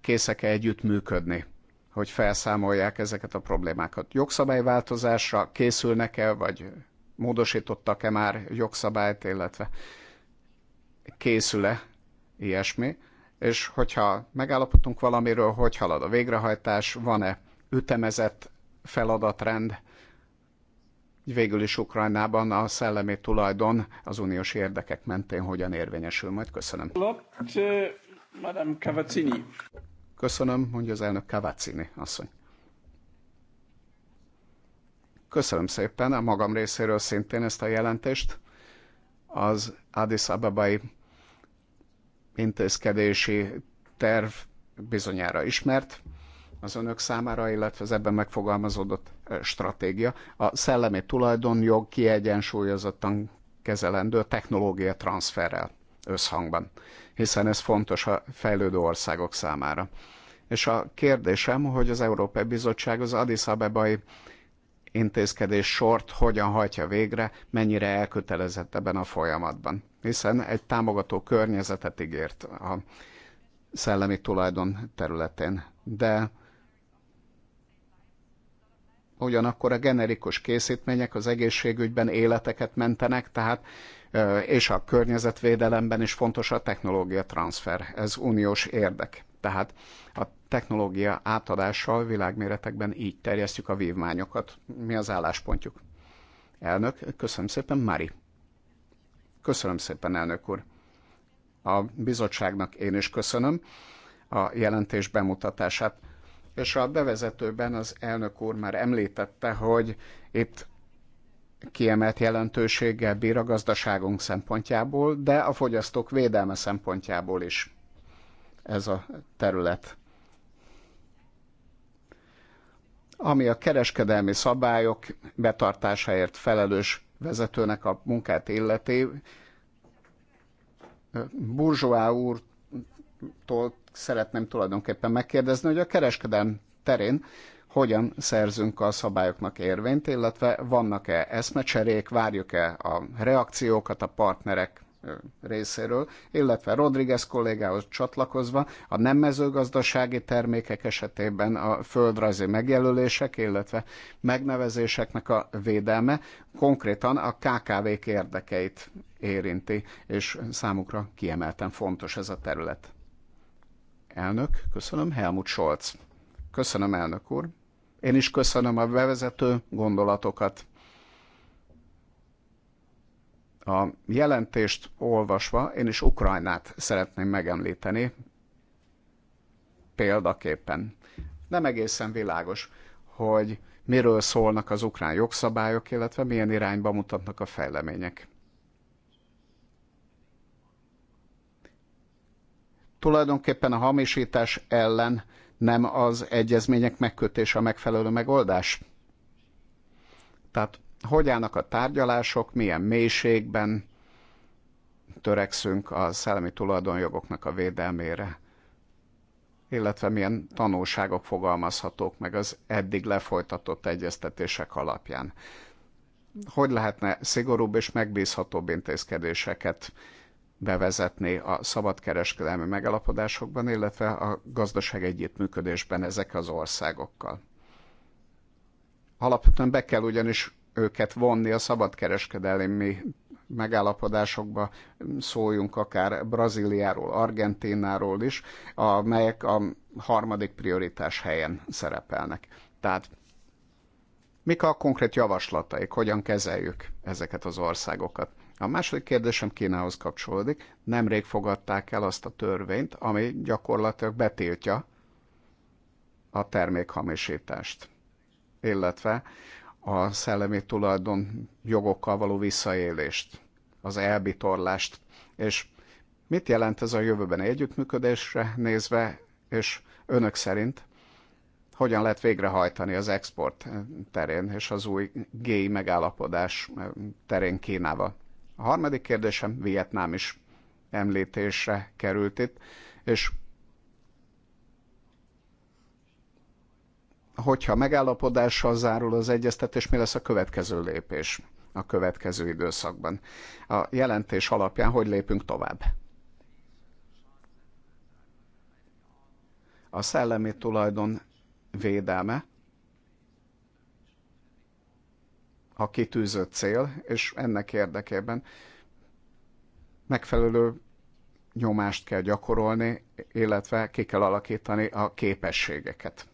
készek-e együttműködni, hogy felszámolják ezeket a problémákat. Jogszabályváltozásra készülnek-e, vagy módosítottak-e már jogszabályt, illetve készül-e ilyesmi, és hogyha megállapodtunk valamiről, hogy halad a végrehajtás, van-e ütemezett feladatrend, végül is Ukrajnában a szellemi tulajdon az uniós érdekek mentén hogyan érvényesül majd. Köszönöm. Köszönöm, mondja az elnök Cavazzini asszony. Köszönöm szépen a magam részéről szintén ezt a jelentést. Az Addis Ababai intézkedési terv bizonyára ismert az önök számára, illetve az ebben megfogalmazódott stratégia. A szellemi tulajdonjog kiegyensúlyozottan kezelendő a technológia transferrel összhangban, hiszen ez fontos a fejlődő országok számára. És a kérdésem, hogy az Európai Bizottság az Addis Abebai intézkedés sort hogyan hajtja végre, mennyire elkötelezett ebben a folyamatban. Hiszen egy támogató környezetet ígért a szellemi tulajdon területén, de ugyanakkor a generikus készítmények az egészségügyben életeket mentenek, tehát és a környezetvédelemben is fontos a technológia transfer. Ez uniós érdek. Tehát a technológia átadással világméretekben így terjesztjük a vívmányokat. Mi az álláspontjuk? Elnök, köszönöm szépen, Mari. Köszönöm szépen, elnök úr. A bizottságnak én is köszönöm a jelentés bemutatását. És a bevezetőben az elnök úr már említette, hogy itt kiemelt jelentőséggel bír a gazdaságunk szempontjából, de a fogyasztók védelme szempontjából is ez a terület. Ami a kereskedelmi szabályok betartásáért felelős vezetőnek a munkát illeti, Burzsóá úrtól szeretném tulajdonképpen megkérdezni, hogy a kereskedelm terén hogyan szerzünk a szabályoknak érvényt, illetve vannak-e eszmecserék, várjuk-e a reakciókat a partnerek részéről, illetve Rodriguez kollégához csatlakozva a nem mezőgazdasági termékek esetében a földrajzi megjelölések, illetve megnevezéseknek a védelme konkrétan a KKV-k érdekeit érinti, és számukra kiemelten fontos ez a terület. Elnök, köszönöm. Helmut Scholz. Köszönöm, elnök úr. Én is köszönöm a bevezető gondolatokat. A jelentést olvasva én is Ukrajnát szeretném megemlíteni példaképpen. Nem egészen világos, hogy miről szólnak az ukrán jogszabályok, illetve milyen irányba mutatnak a fejlemények. Tulajdonképpen a hamisítás ellen nem az egyezmények megkötése a megfelelő megoldás. Tehát hogy állnak a tárgyalások, milyen mélységben törekszünk a szellemi tulajdonjogoknak a védelmére, illetve milyen tanulságok fogalmazhatók meg az eddig lefolytatott egyeztetések alapján. Hogy lehetne szigorúbb és megbízhatóbb intézkedéseket bevezetni a szabadkereskedelmi megalapodásokban, illetve a gazdaság együttműködésben ezek az országokkal. Alapvetően be kell ugyanis őket vonni a szabadkereskedelmi megállapodásokba, szóljunk akár Brazíliáról, Argentináról is, amelyek a harmadik prioritás helyen szerepelnek. Tehát mik a konkrét javaslataik, hogyan kezeljük ezeket az országokat? A második kérdésem Kínához kapcsolódik. Nemrég fogadták el azt a törvényt, ami gyakorlatilag betiltja a termékhamisítást, illetve a szellemi tulajdon jogokkal való visszaélést, az elbitorlást. És mit jelent ez a jövőben együttműködésre nézve, és önök szerint hogyan lehet végrehajtani az export terén és az új GI megállapodás terén Kínával? A harmadik kérdésem Vietnám is említésre került itt, és hogyha megállapodással zárul az egyeztetés, mi lesz a következő lépés a következő időszakban? A jelentés alapján hogy lépünk tovább? A szellemi tulajdon védelme a kitűzött cél, és ennek érdekében megfelelő nyomást kell gyakorolni, illetve ki kell alakítani a képességeket.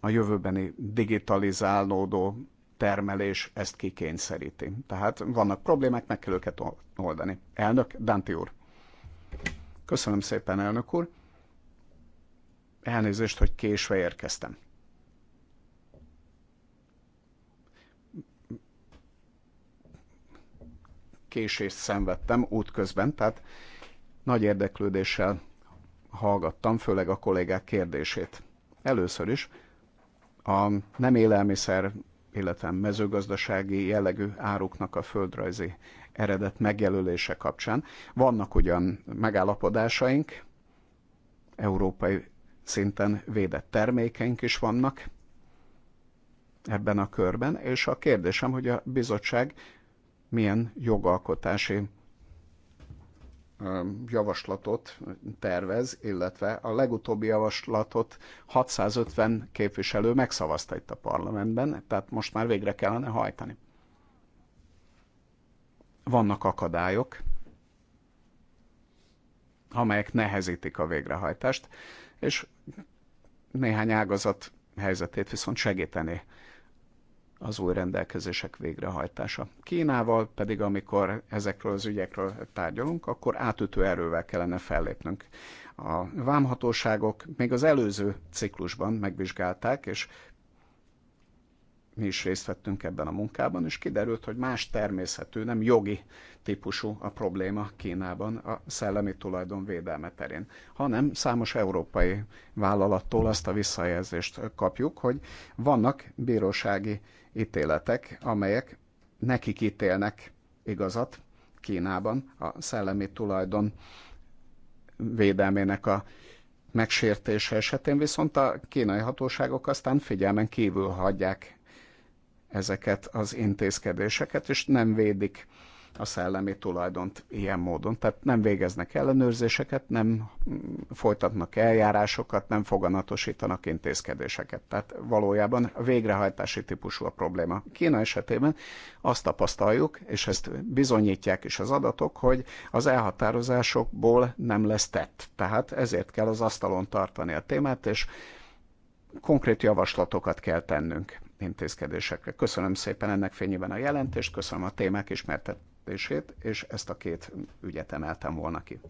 A jövőbeni digitalizálódó termelés ezt kikényszeríti. Tehát vannak problémák, meg kell őket oldani. Elnök, Danti úr. Köszönöm szépen, elnök úr. Elnézést, hogy késve érkeztem. késést szenvedtem útközben, tehát nagy érdeklődéssel hallgattam, főleg a kollégák kérdését. Először is a nem élelmiszer, illetve mezőgazdasági jellegű áruknak a földrajzi eredet megjelölése kapcsán. Vannak ugyan megállapodásaink, európai szinten védett termékeink is vannak ebben a körben, és a kérdésem, hogy a bizottság milyen jogalkotási javaslatot tervez, illetve a legutóbbi javaslatot 650 képviselő megszavazta itt a parlamentben, tehát most már végre kellene hajtani. Vannak akadályok, amelyek nehezítik a végrehajtást, és néhány ágazat helyzetét viszont segíteni az új rendelkezések végrehajtása. Kínával pedig, amikor ezekről az ügyekről tárgyalunk, akkor átütő erővel kellene fellépnünk. A vámhatóságok még az előző ciklusban megvizsgálták, és mi is részt vettünk ebben a munkában, és kiderült, hogy más természetű, nem jogi típusú a probléma Kínában a szellemi tulajdon védelme terén, hanem számos európai vállalattól azt a visszajelzést kapjuk, hogy vannak bírósági ítéletek, amelyek nekik ítélnek igazat Kínában a szellemi tulajdon védelmének a megsértése esetén, viszont a kínai hatóságok aztán figyelmen kívül hagyják ezeket az intézkedéseket, és nem védik a szellemi tulajdont ilyen módon. Tehát nem végeznek ellenőrzéseket, nem folytatnak eljárásokat, nem foganatosítanak intézkedéseket. Tehát valójában a végrehajtási típusú a probléma. Kína esetében azt tapasztaljuk, és ezt bizonyítják is az adatok, hogy az elhatározásokból nem lesz tett. Tehát ezért kell az asztalon tartani a témát, és konkrét javaslatokat kell tennünk intézkedésekre. Köszönöm szépen ennek fényében a jelentést, köszönöm a témák ismertetését kérdését, és ezt a két ügyet emeltem volna ki.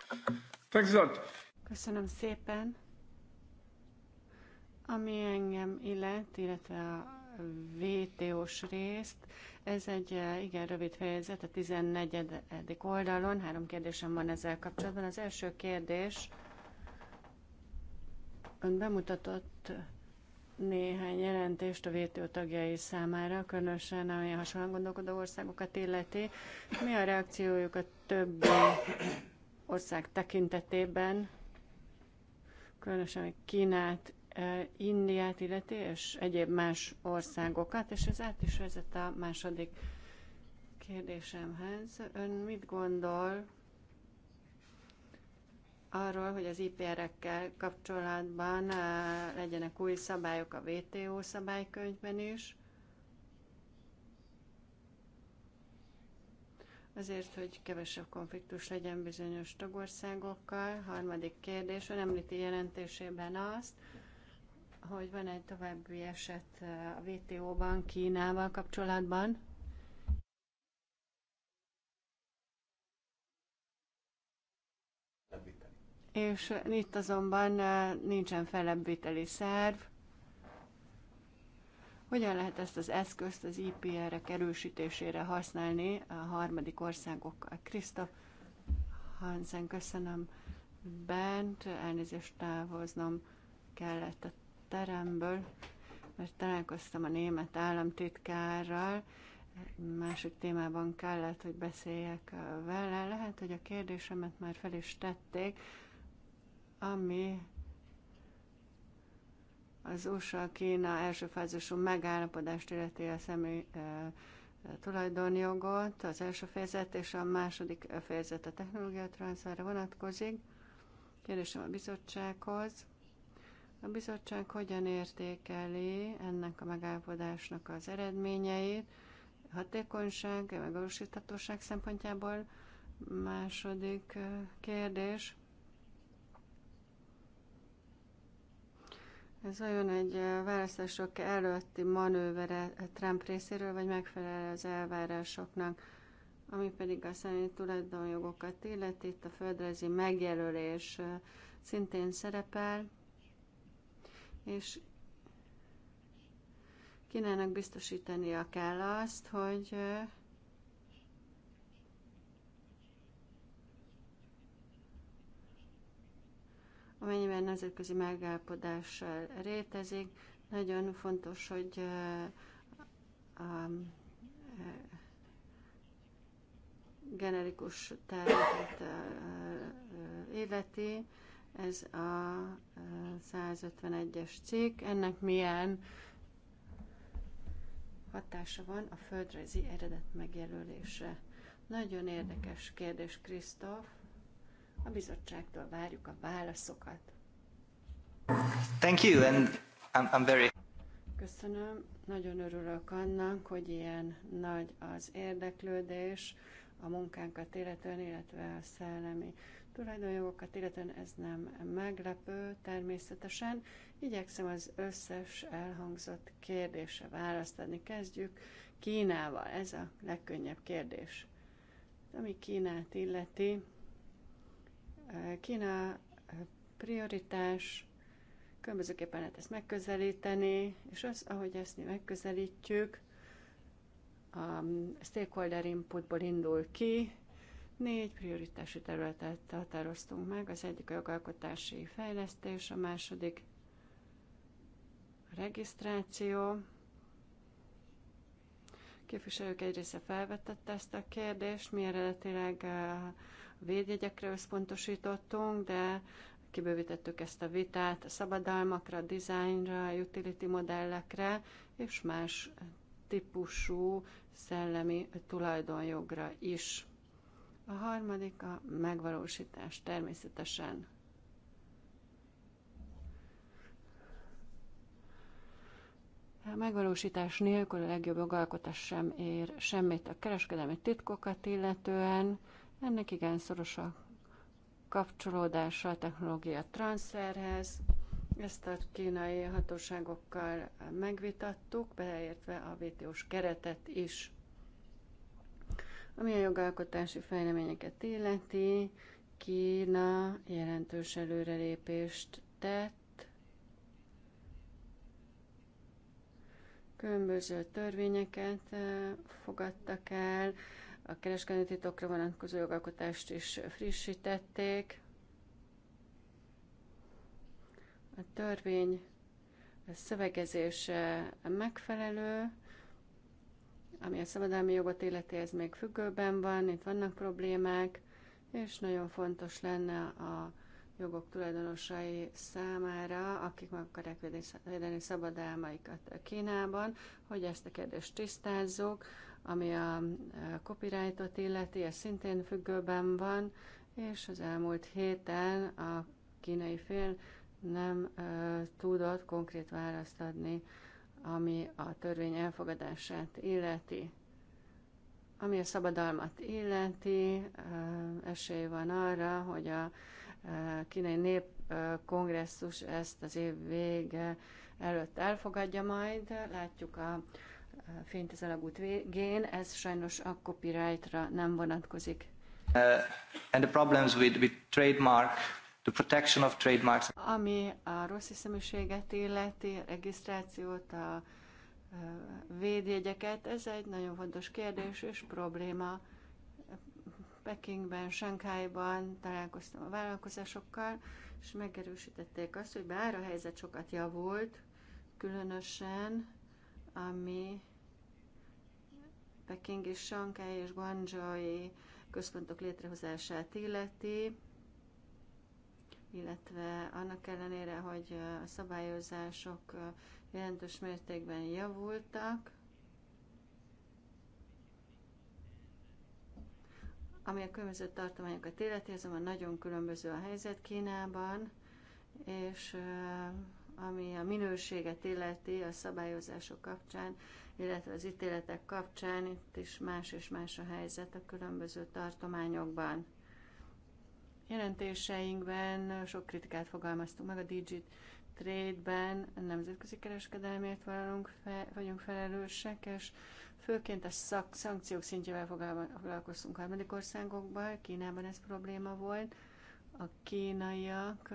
Köszönöm szépen. Ami engem illet, illetve a VTO-s részt, ez egy eh, igen rövid fejezet a 14. oldalon. Három kérdésem van ezzel kapcsolatban. Az első kérdés, ön bemutatott néhány jelentést a WTO tagjai számára, különösen ami hasonlóan gondolkodó országokat illeti. Mi a reakciójuk a többi ország tekintetében, különösen Kínát, eh, Indiát illeti, és egyéb más országokat, és ez át is vezet a második kérdésemhez. Ön mit gondol arról, hogy az IPR-ekkel kapcsolatban eh, legyenek új szabályok a WTO szabálykönyvben is, azért, hogy kevesebb konfliktus legyen bizonyos tagországokkal. Harmadik kérdés, ön említi jelentésében azt, hogy van egy további eset eh, a WTO-ban Kínával kapcsolatban. és itt azonban eh, nincsen felebbviteli szerv. Hogyan lehet ezt az eszközt az IPR-ek erősítésére használni a harmadik országokkal? Krista Hansen, köszönöm. Bent, elnézést távoznom kellett a teremből, mert találkoztam a német államtitkárral, másik témában kellett, hogy beszéljek eh, vele. Lehet, hogy a kérdésemet már fel is tették, ami az USA-Kína első fázisú megállapodást illeti a személy e, tulajdonjogot, az első fejezet és a második fejezet a technológia transzára vonatkozik. Kérdésem a bizottsághoz. A bizottság hogyan értékeli ennek a megállapodásnak az eredményeit, hatékonyság, megvalósíthatóság szempontjából? Második kérdés, Ez olyan egy választások előtti manővere Trump részéről, vagy megfelel az elvárásoknak, ami pedig a személyi tulajdonjogokat illeti, itt a földrajzi megjelölés szintén szerepel, és Kínának biztosítania kell azt, hogy amennyiben nemzetközi megállapodás rétezik. Nagyon fontos, hogy a generikus terméket életi, ez a 151-es cikk. Ennek milyen hatása van a földrajzi eredet megjelölése. Nagyon érdekes kérdés, Krisztof. A bizottságtól várjuk a válaszokat.
Thank you, and I'm, I'm very...
Köszönöm, nagyon örülök annak, hogy ilyen nagy az érdeklődés a munkánkat illetően, illetve a szellemi tulajdonjogokat illetően ez nem meglepő természetesen. Igyekszem az összes elhangzott kérdése, választ adni. Kezdjük Kínával. Ez a legkönnyebb kérdés. Ami Kínát illeti, Kína prioritás, különbözőképpen lehet ezt megközelíteni, és az, ahogy ezt mi megközelítjük, a stakeholder inputból indul ki, négy prioritási területet határoztunk meg, az egyik a jogalkotási fejlesztés, a második a regisztráció. A képviselők egy része felvetette ezt a kérdést, mi eredetileg eh, védjegyekre összpontosítottunk, de kibővítettük ezt a vitát a szabadalmakra, a dizájnra, a utility modellekre és más típusú szellemi tulajdonjogra is. A harmadik a megvalósítás természetesen. A megvalósítás nélkül a legjobb jogalkotás sem ér semmit a kereskedelmi titkokat illetően, ennek igen szoros a kapcsolódása a technológia transferhez. Ezt a kínai hatóságokkal megvitattuk, beleértve a WTO-s keretet is. Ami a jogalkotási fejleményeket illeti, Kína jelentős előrelépést tett. Különböző törvényeket eh, fogadtak el, a kereskedelmi titokra vonatkozó jogalkotást is frissítették. A törvény szövegezése megfelelő, ami a szabadalmi jogot illeti, ez még függőben van, itt vannak problémák, és nagyon fontos lenne a jogok tulajdonosai számára, akik meg akarják védeni szabadalmaikat Kínában, hogy ezt a kérdést tisztázzuk. Ami a copyrightot illeti, ez szintén függőben van, és az elmúlt héten a kínai fél nem ö, tudott konkrét választ adni, ami a törvény elfogadását illeti. Ami a szabadalmat illeti, ö, esély van arra, hogy a ö, kínai népkongresszus ezt az év vége előtt elfogadja majd. Látjuk a fényt az alagút végén, ez sajnos a copyrightra nem vonatkozik.
Uh, and the problems with, with trademark, the protection of trademarks.
Ami a rossz hiszeműséget illeti, regisztrációt, a uh, védjegyeket, ez egy nagyon fontos kérdés és probléma. Pekingben, Sankhájban találkoztam a vállalkozásokkal, és megerősítették azt, hogy bár a helyzet sokat javult, különösen ami Peking és Shanghai és Guangzhou központok létrehozását illeti, illetve annak ellenére, hogy a szabályozások jelentős mértékben javultak, ami a különböző tartományokat illeti, azonban nagyon különböző a helyzet Kínában, és ami a minőséget illeti a szabályozások kapcsán, illetve az ítéletek kapcsán itt is más és más a helyzet a különböző tartományokban. Jelentéseinkben sok kritikát fogalmaztunk meg a Digit Trade-ben, nemzetközi kereskedelmért vállalunk, fe, vagyunk felelősek, és főként a szak, szankciók szintjével foglalkoztunk harmadik országokban, Kínában ez probléma volt, a kínaiak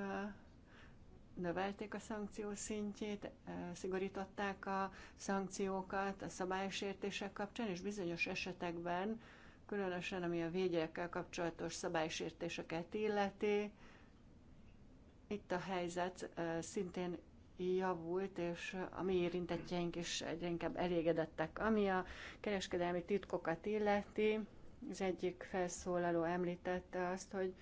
növelték a szankció szintjét, eh, szigorították a szankciókat a szabálysértések kapcsán, és bizonyos esetekben, különösen ami a védjegyekkel kapcsolatos szabálysértéseket illeti, itt a helyzet eh, szintén javult, és a mi érintettjeink is egyre inkább elégedettek. Ami a kereskedelmi titkokat illeti, az egyik felszólaló említette azt, hogy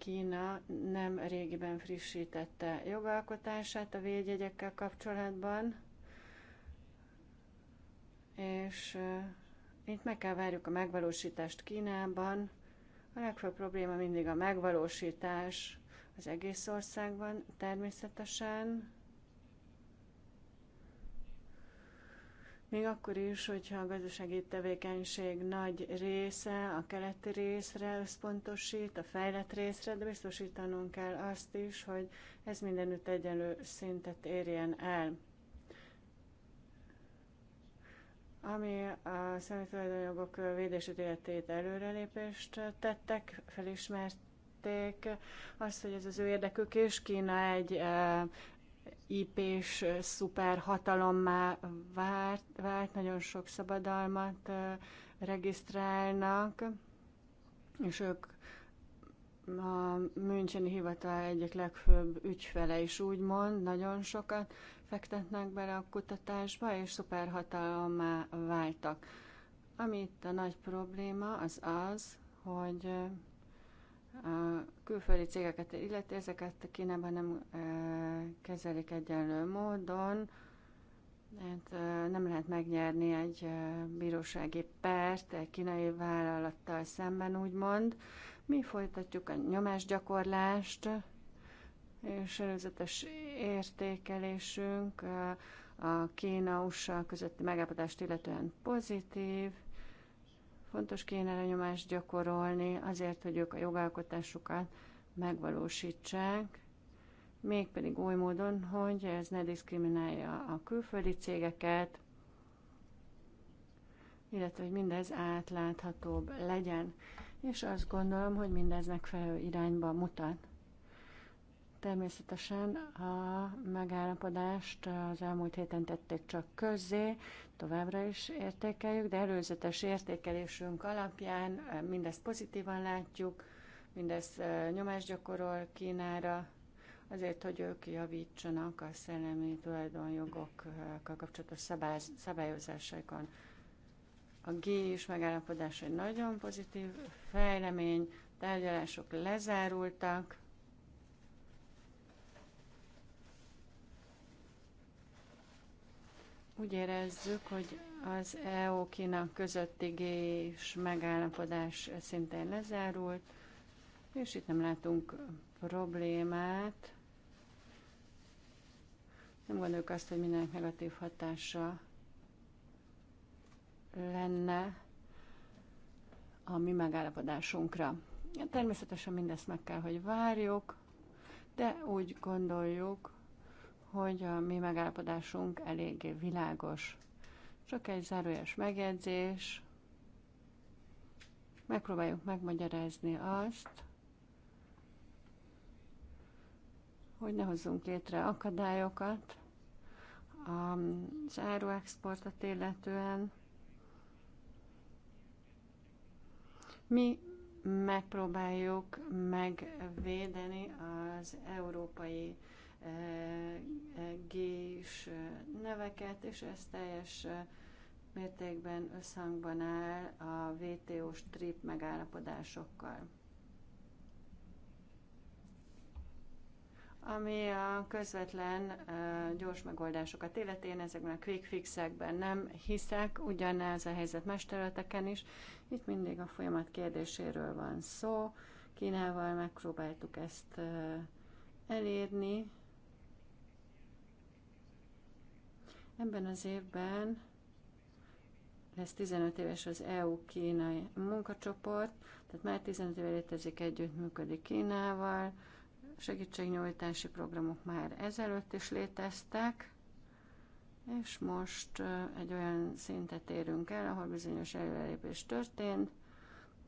Kína nem régiben frissítette jogalkotását a védjegyekkel kapcsolatban, és itt meg kell várjuk a megvalósítást Kínában. A legfőbb probléma mindig a megvalósítás az egész országban természetesen. Még akkor is, hogyha a gazdasági tevékenység nagy része a keleti részre összpontosít, a fejlett részre, de biztosítanunk kell azt is, hogy ez mindenütt egyenlő szintet érjen el. Ami a személyi tulajdonjogok védését életét előrelépést tettek, felismert azt, hogy ez az ő érdekük, és Kína egy eh, IP-s hatalommá vált, vált, nagyon sok szabadalmat regisztrálnak, és ők a Müncheni hivatal egyik legfőbb ügyfele is mond nagyon sokat fektetnek bele a kutatásba, és szuperhatalommá váltak. Amit a nagy probléma, az az, hogy a külföldi cégeket illeti, ezeket Kínában nem kezelik egyenlő módon, e, nem lehet megnyerni egy bírósági pert egy kínai vállalattal szemben, úgymond. Mi folytatjuk a nyomásgyakorlást, és előzetes értékelésünk a Kína-USA közötti megállapodást illetően pozitív, Fontos kéne lenyomást gyakorolni azért, hogy ők a jogalkotásukat megvalósítsák, mégpedig oly módon, hogy ez ne diszkriminálja a külföldi cégeket, illetve hogy mindez átláthatóbb legyen. És azt gondolom, hogy mindez megfelelő irányba mutat. Természetesen a megállapodást az elmúlt héten tették csak közzé, továbbra is értékeljük, de előzetes értékelésünk alapján eh, mindezt pozitívan látjuk, mindezt eh, nyomást gyakorol Kínára, azért, hogy ők javítsanak a szellemi tulajdonjogokkal kapcsolatos szabályozásaikon. A G is megállapodás egy nagyon pozitív fejlemény, tárgyalások lezárultak, Úgy érezzük, hogy az EU-Kína közötti és megállapodás szintén lezárult, és itt nem látunk problémát. Nem gondoljuk azt, hogy mindenek negatív hatása lenne a mi megállapodásunkra. Természetesen mindezt meg kell, hogy várjuk, de úgy gondoljuk, hogy a mi megállapodásunk eléggé világos. Csak egy zárójas megjegyzés. Megpróbáljuk megmagyarázni azt, hogy ne hozzunk létre akadályokat az áruexportot illetően. Mi megpróbáljuk megvédeni az európai gés neveket, és ez teljes mértékben összhangban áll a WTO-s TRIP megállapodásokkal. Ami a közvetlen gyors megoldásokat életén, ezekben a quick fixekben nem hiszek, ugyanez a helyzet más területeken is. Itt mindig a folyamat kérdéséről van szó. Kínával megpróbáltuk ezt elérni, Ebben az évben lesz 15 éves az EU-kínai munkacsoport, tehát már 15 éve létezik együttműködik Kínával, segítségnyújtási programok már ezelőtt is léteztek, és most egy olyan szintet érünk el, ahol bizonyos előrelépés történt,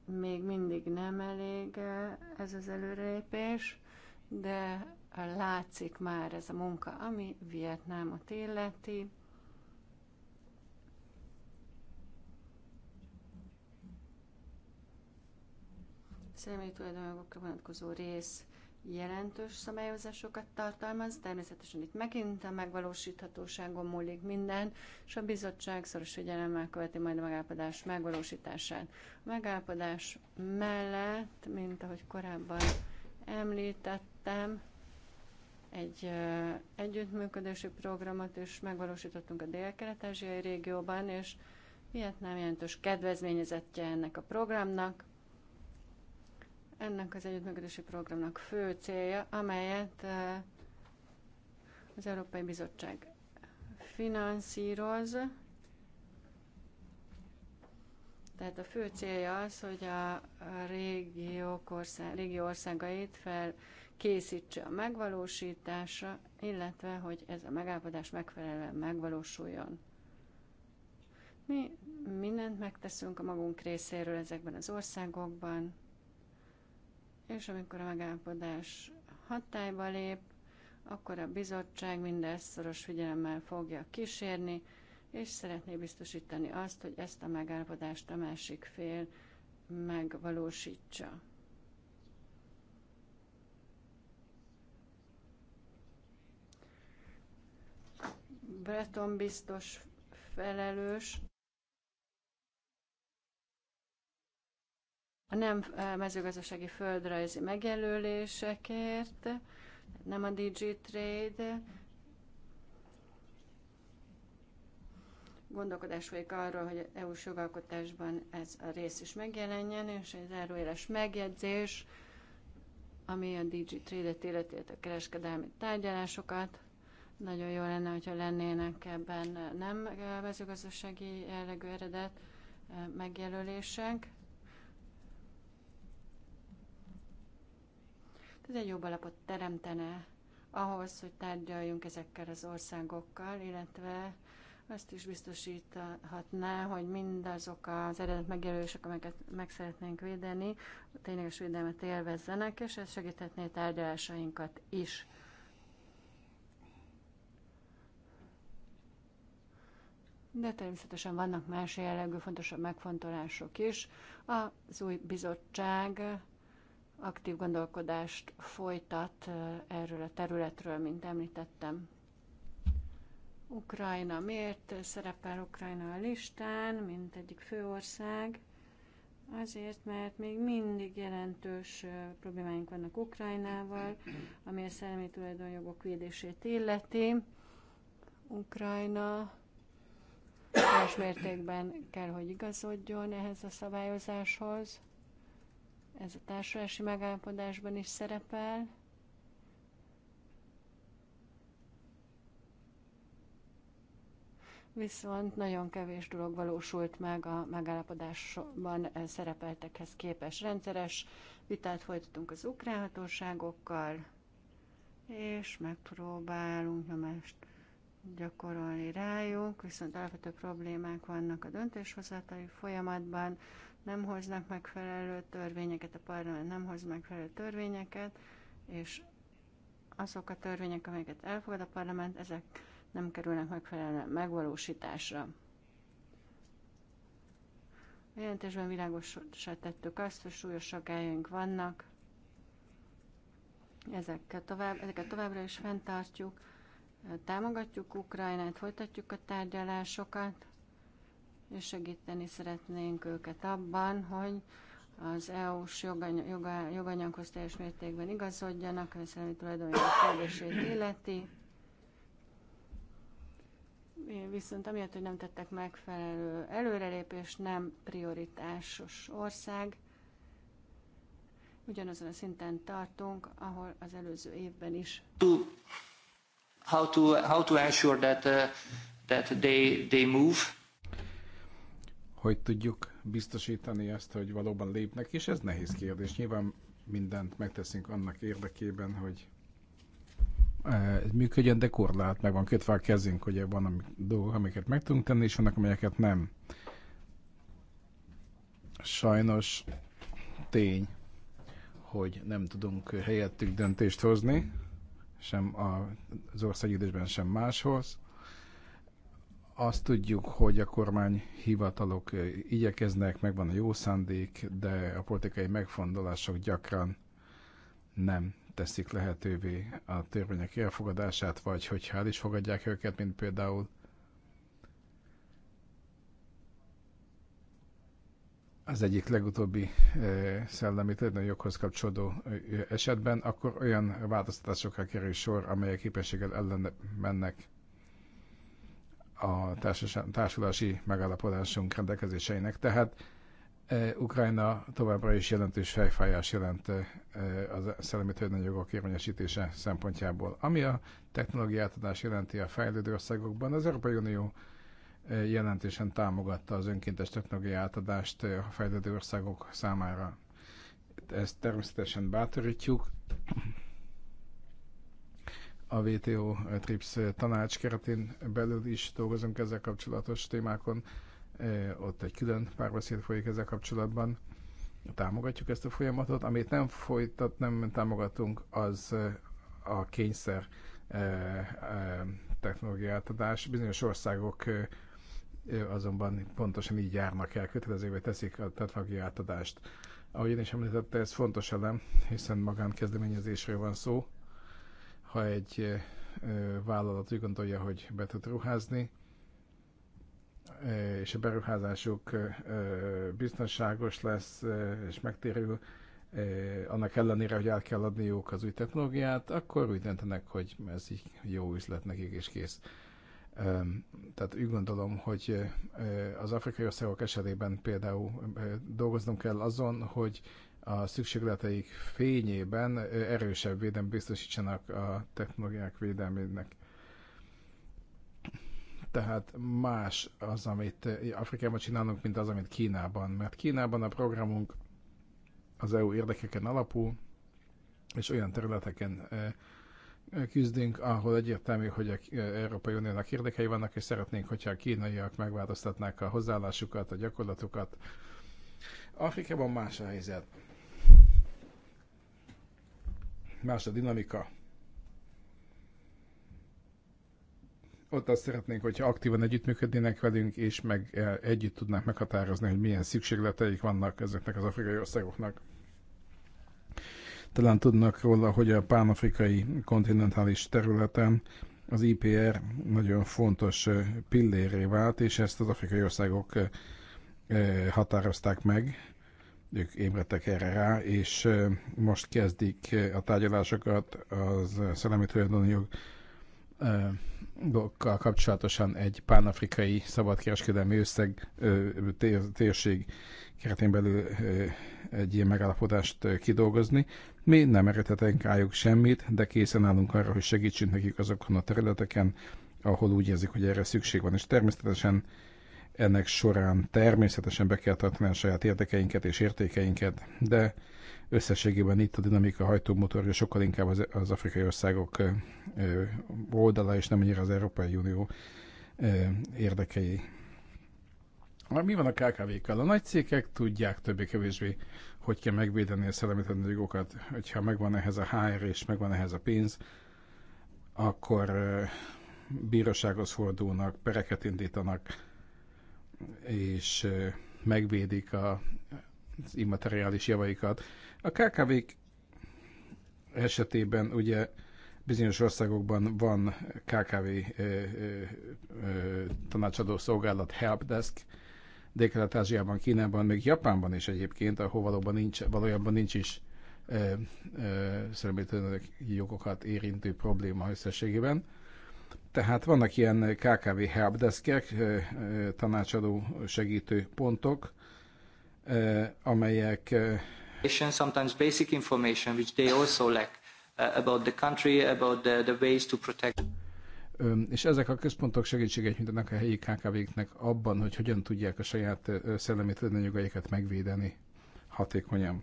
még mindig nem elég ez az előrelépés, de látszik már ez a munka, ami Vietnámot illeti. személyi tulajdonjogokra vonatkozó rész jelentős szabályozásokat tartalmaz. Természetesen itt megint a megvalósíthatóságon múlik minden, és a bizottság szoros figyelemmel követi majd a megállapodás megvalósítását. A megállapodás mellett, mint ahogy korábban említettem, egy együttműködési programot is megvalósítottunk a dél-kelet-ázsiai régióban, és Vietnám jelentős kedvezményezettje ennek a programnak ennek az együttműködési programnak fő célja, amelyet eh, az Európai Bizottság finanszíroz. Tehát a fő célja az, hogy a régiók ország, régió országait felkészítse a megvalósításra, illetve hogy ez a megállapodás megfelelően megvalósuljon. Mi mindent megteszünk a magunk részéről ezekben az országokban, és amikor a megállapodás hatályba lép, akkor a bizottság mindezt szoros figyelemmel fogja kísérni, és szeretné biztosítani azt, hogy ezt a megállapodást a másik fél megvalósítsa. Breton biztos felelős a nem mezőgazdasági földrajzi megjelölésekért, nem a DigiTrade, gondolkodás folyik arról, hogy EU-s jogalkotásban ez a rész is megjelenjen, és egy záróéles megjegyzés, ami a digitrade et illeti a kereskedelmi tárgyalásokat. Nagyon jó lenne, hogyha lennének ebben nem mezőgazdasági jellegű eredet megjelölések. Ez egy jobb alapot teremtene ahhoz, hogy tárgyaljunk ezekkel az országokkal, illetve azt is biztosíthatná, hogy mindazok az eredet megjelölések, amelyeket meg szeretnénk védeni, tényleges védelmet élvezzenek, és ez segíthetné tárgyalásainkat is. De természetesen vannak más jellegű fontosabb megfontolások is. Az új bizottság aktív gondolkodást folytat erről a területről, mint említettem. Ukrajna miért szerepel Ukrajna a listán, mint egyik főország? Azért, mert még mindig jelentős problémáink vannak Ukrajnával, ami a szellemi tulajdonjogok védését illeti. Ukrajna teljes mértékben kell, hogy igazodjon ehhez a szabályozáshoz. Ez a társulási megállapodásban is szerepel. Viszont nagyon kevés dolog valósult meg a megállapodásban eh, szerepeltekhez képes rendszeres. Vitát folytatunk az ukrán hatóságokkal, és megpróbálunk nyomást gyakorolni rájuk, viszont alapvető problémák vannak a döntéshozatali folyamatban, nem hoznak megfelelő törvényeket, a parlament nem hoz megfelelő törvényeket, és azok a törvények, amelyeket elfogad a parlament, ezek nem kerülnek megfelelően megvalósításra. A jelentésben világosra tettük azt, hogy súlyos aggályaink vannak, ezeket, tovább, ezeket továbbra is fenntartjuk, támogatjuk Ukrajnát, folytatjuk a tárgyalásokat, és segíteni szeretnénk őket abban, hogy az EU-s jogany- joga- joganyaghoz teljes mértékben igazodjanak, ami szerint tulajdonjogok kérdését illeti. Viszont amiatt, hogy nem tettek megfelelő előrelépés, nem prioritásos ország, ugyanazon a szinten tartunk, ahol az előző évben is. To, how, to, how to ensure that, uh, that they, they move
hogy tudjuk biztosítani ezt, hogy valóban lépnek, és ez nehéz kérdés. Nyilván mindent megteszünk annak érdekében, hogy ez eh, működjön, de korlát meg van kötve a kezünk, hogy van amik, dolgok, amiket meg tudunk tenni, és vannak, amelyeket nem. Sajnos tény, hogy nem tudunk helyettük döntést hozni, sem az országgyűlésben, sem máshoz. Azt tudjuk, hogy a kormány hivatalok eh, igyekeznek, megvan a jó szándék, de a politikai megfondolások gyakran nem teszik lehetővé a törvények elfogadását, vagy hogyha el is fogadják őket, mint például az egyik legutóbbi eh, szellemi joghoz kapcsolódó eh, esetben, akkor olyan változtatásokra kerül sor, amelyek képességgel ellen mennek a társulási megállapodásunk rendelkezéseinek. Tehát e, Ukrajna továbbra is jelentős fejfájás jelent e, a szellemi törvényjogok érvényesítése szempontjából. Ami a technológia átadás jelenti a fejlődő országokban, az Európai Unió e, jelentősen támogatta az önkéntes technológiai átadást a fejlődő országok számára. Ezt természetesen bátorítjuk, a WTO eh, TRIPS eh, tanács keretén belül is dolgozunk ezzel kapcsolatos témákon. Eh, ott egy külön párbeszéd folyik ezzel kapcsolatban. Támogatjuk ezt a folyamatot. Amit nem folytat, nem támogatunk, az a kényszer technológia átadás. Bizonyos országok azonban pontosan így járnak el, kötelezővé teszik a technológia átadást. Ahogy én is említette, ez fontos elem, hiszen magánkezdeményezésről van szó, ha egy vállalat úgy gondolja, hogy be tud ruházni, és a beruházásuk biztonságos lesz és megtérül, annak ellenére, hogy át kell adniuk az új technológiát, akkor úgy döntenek, hogy ez így jó üzlet nekik, és kész. Tehát úgy gondolom, hogy az afrikai országok esetében például dolgoznom kell azon, hogy a szükségleteik fényében erősebb védelmet biztosítsanak a technológiák védelmének. Tehát más az, amit Afrikában csinálunk, mint az, amit Kínában. Mert Kínában a programunk az EU érdekeken alapul, és olyan területeken küzdünk, ahol egyértelmű, hogy a Európai Uniónak érdekei vannak, és szeretnénk, hogyha a kínaiak megváltoztatnák a hozzáállásukat, a gyakorlatukat. Afrikában más a helyzet más a dinamika. Ott azt szeretnénk, hogyha aktívan együttműködnének velünk, és meg e, együtt tudnánk meghatározni, hogy milyen szükségleteik vannak ezeknek az afrikai országoknak. Talán tudnak róla, hogy a pánafrikai kontinentális területen az IPR nagyon fontos e, pilléré vált, és ezt az afrikai országok e, határozták meg ők ébredtek erre rá, és most kezdik a tárgyalásokat az szellemi tulajdonjogokkal kapcsolatosan egy pánafrikai szabadkereskedelmi összeg térség keretén belül egy ilyen megállapodást kidolgozni. Mi nem eredhetünk rájuk semmit, de készen állunk arra, hogy segítsünk nekik azokon a területeken, ahol úgy érzik, hogy erre szükség van. És természetesen ennek során természetesen be kell tartani a saját érdekeinket és értékeinket, de összességében itt a dinamika hajtómotorja sokkal inkább az, az afrikai országok oldala, és nem annyira az Európai Unió érdekei. Mi van a KKV-kkal? A nagy cégek tudják többé-kevésbé, hogy kell megvédeni a szellemetlen jogokat, hogyha megvan ehhez a HR és megvan ehhez a pénz, akkor bírósághoz fordulnak, pereket indítanak, és megvédik a, az immateriális javaikat. A KKV-k esetében ugye bizonyos országokban van KKV ö, ö, ö, tanácsadó szolgálat, helpdesk, Dékelet-Ázsiában, Kínában, még Japánban is egyébként, ahol valóban nincs, valójában nincs is szerintem jogokat érintő probléma összességében. Tehát vannak ilyen KKV helpdeskek, tanácsadó segítő pontok, amelyek sometimes basic information which they also lack uh, about the country, about the, the ways to protect és ezek a központok segítséget nyújtanak a helyi KKV-knek abban, hogy hogyan tudják a saját szellemi tulajdonjogaikat megvédeni hatékonyan.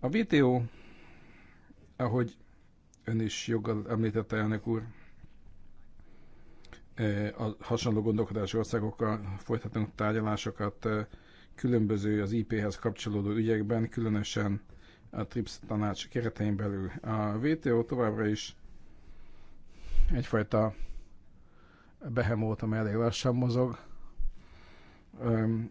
A videó, ahogy ön is joggal említette, elnök úr, a hasonló gondolkodási országokkal folytatunk tárgyalásokat különböző az IP-hez kapcsolódó ügyekben, különösen a TRIPS tanács keretein belül. A VTO továbbra is egyfajta behemót, amely elég lassan mozog.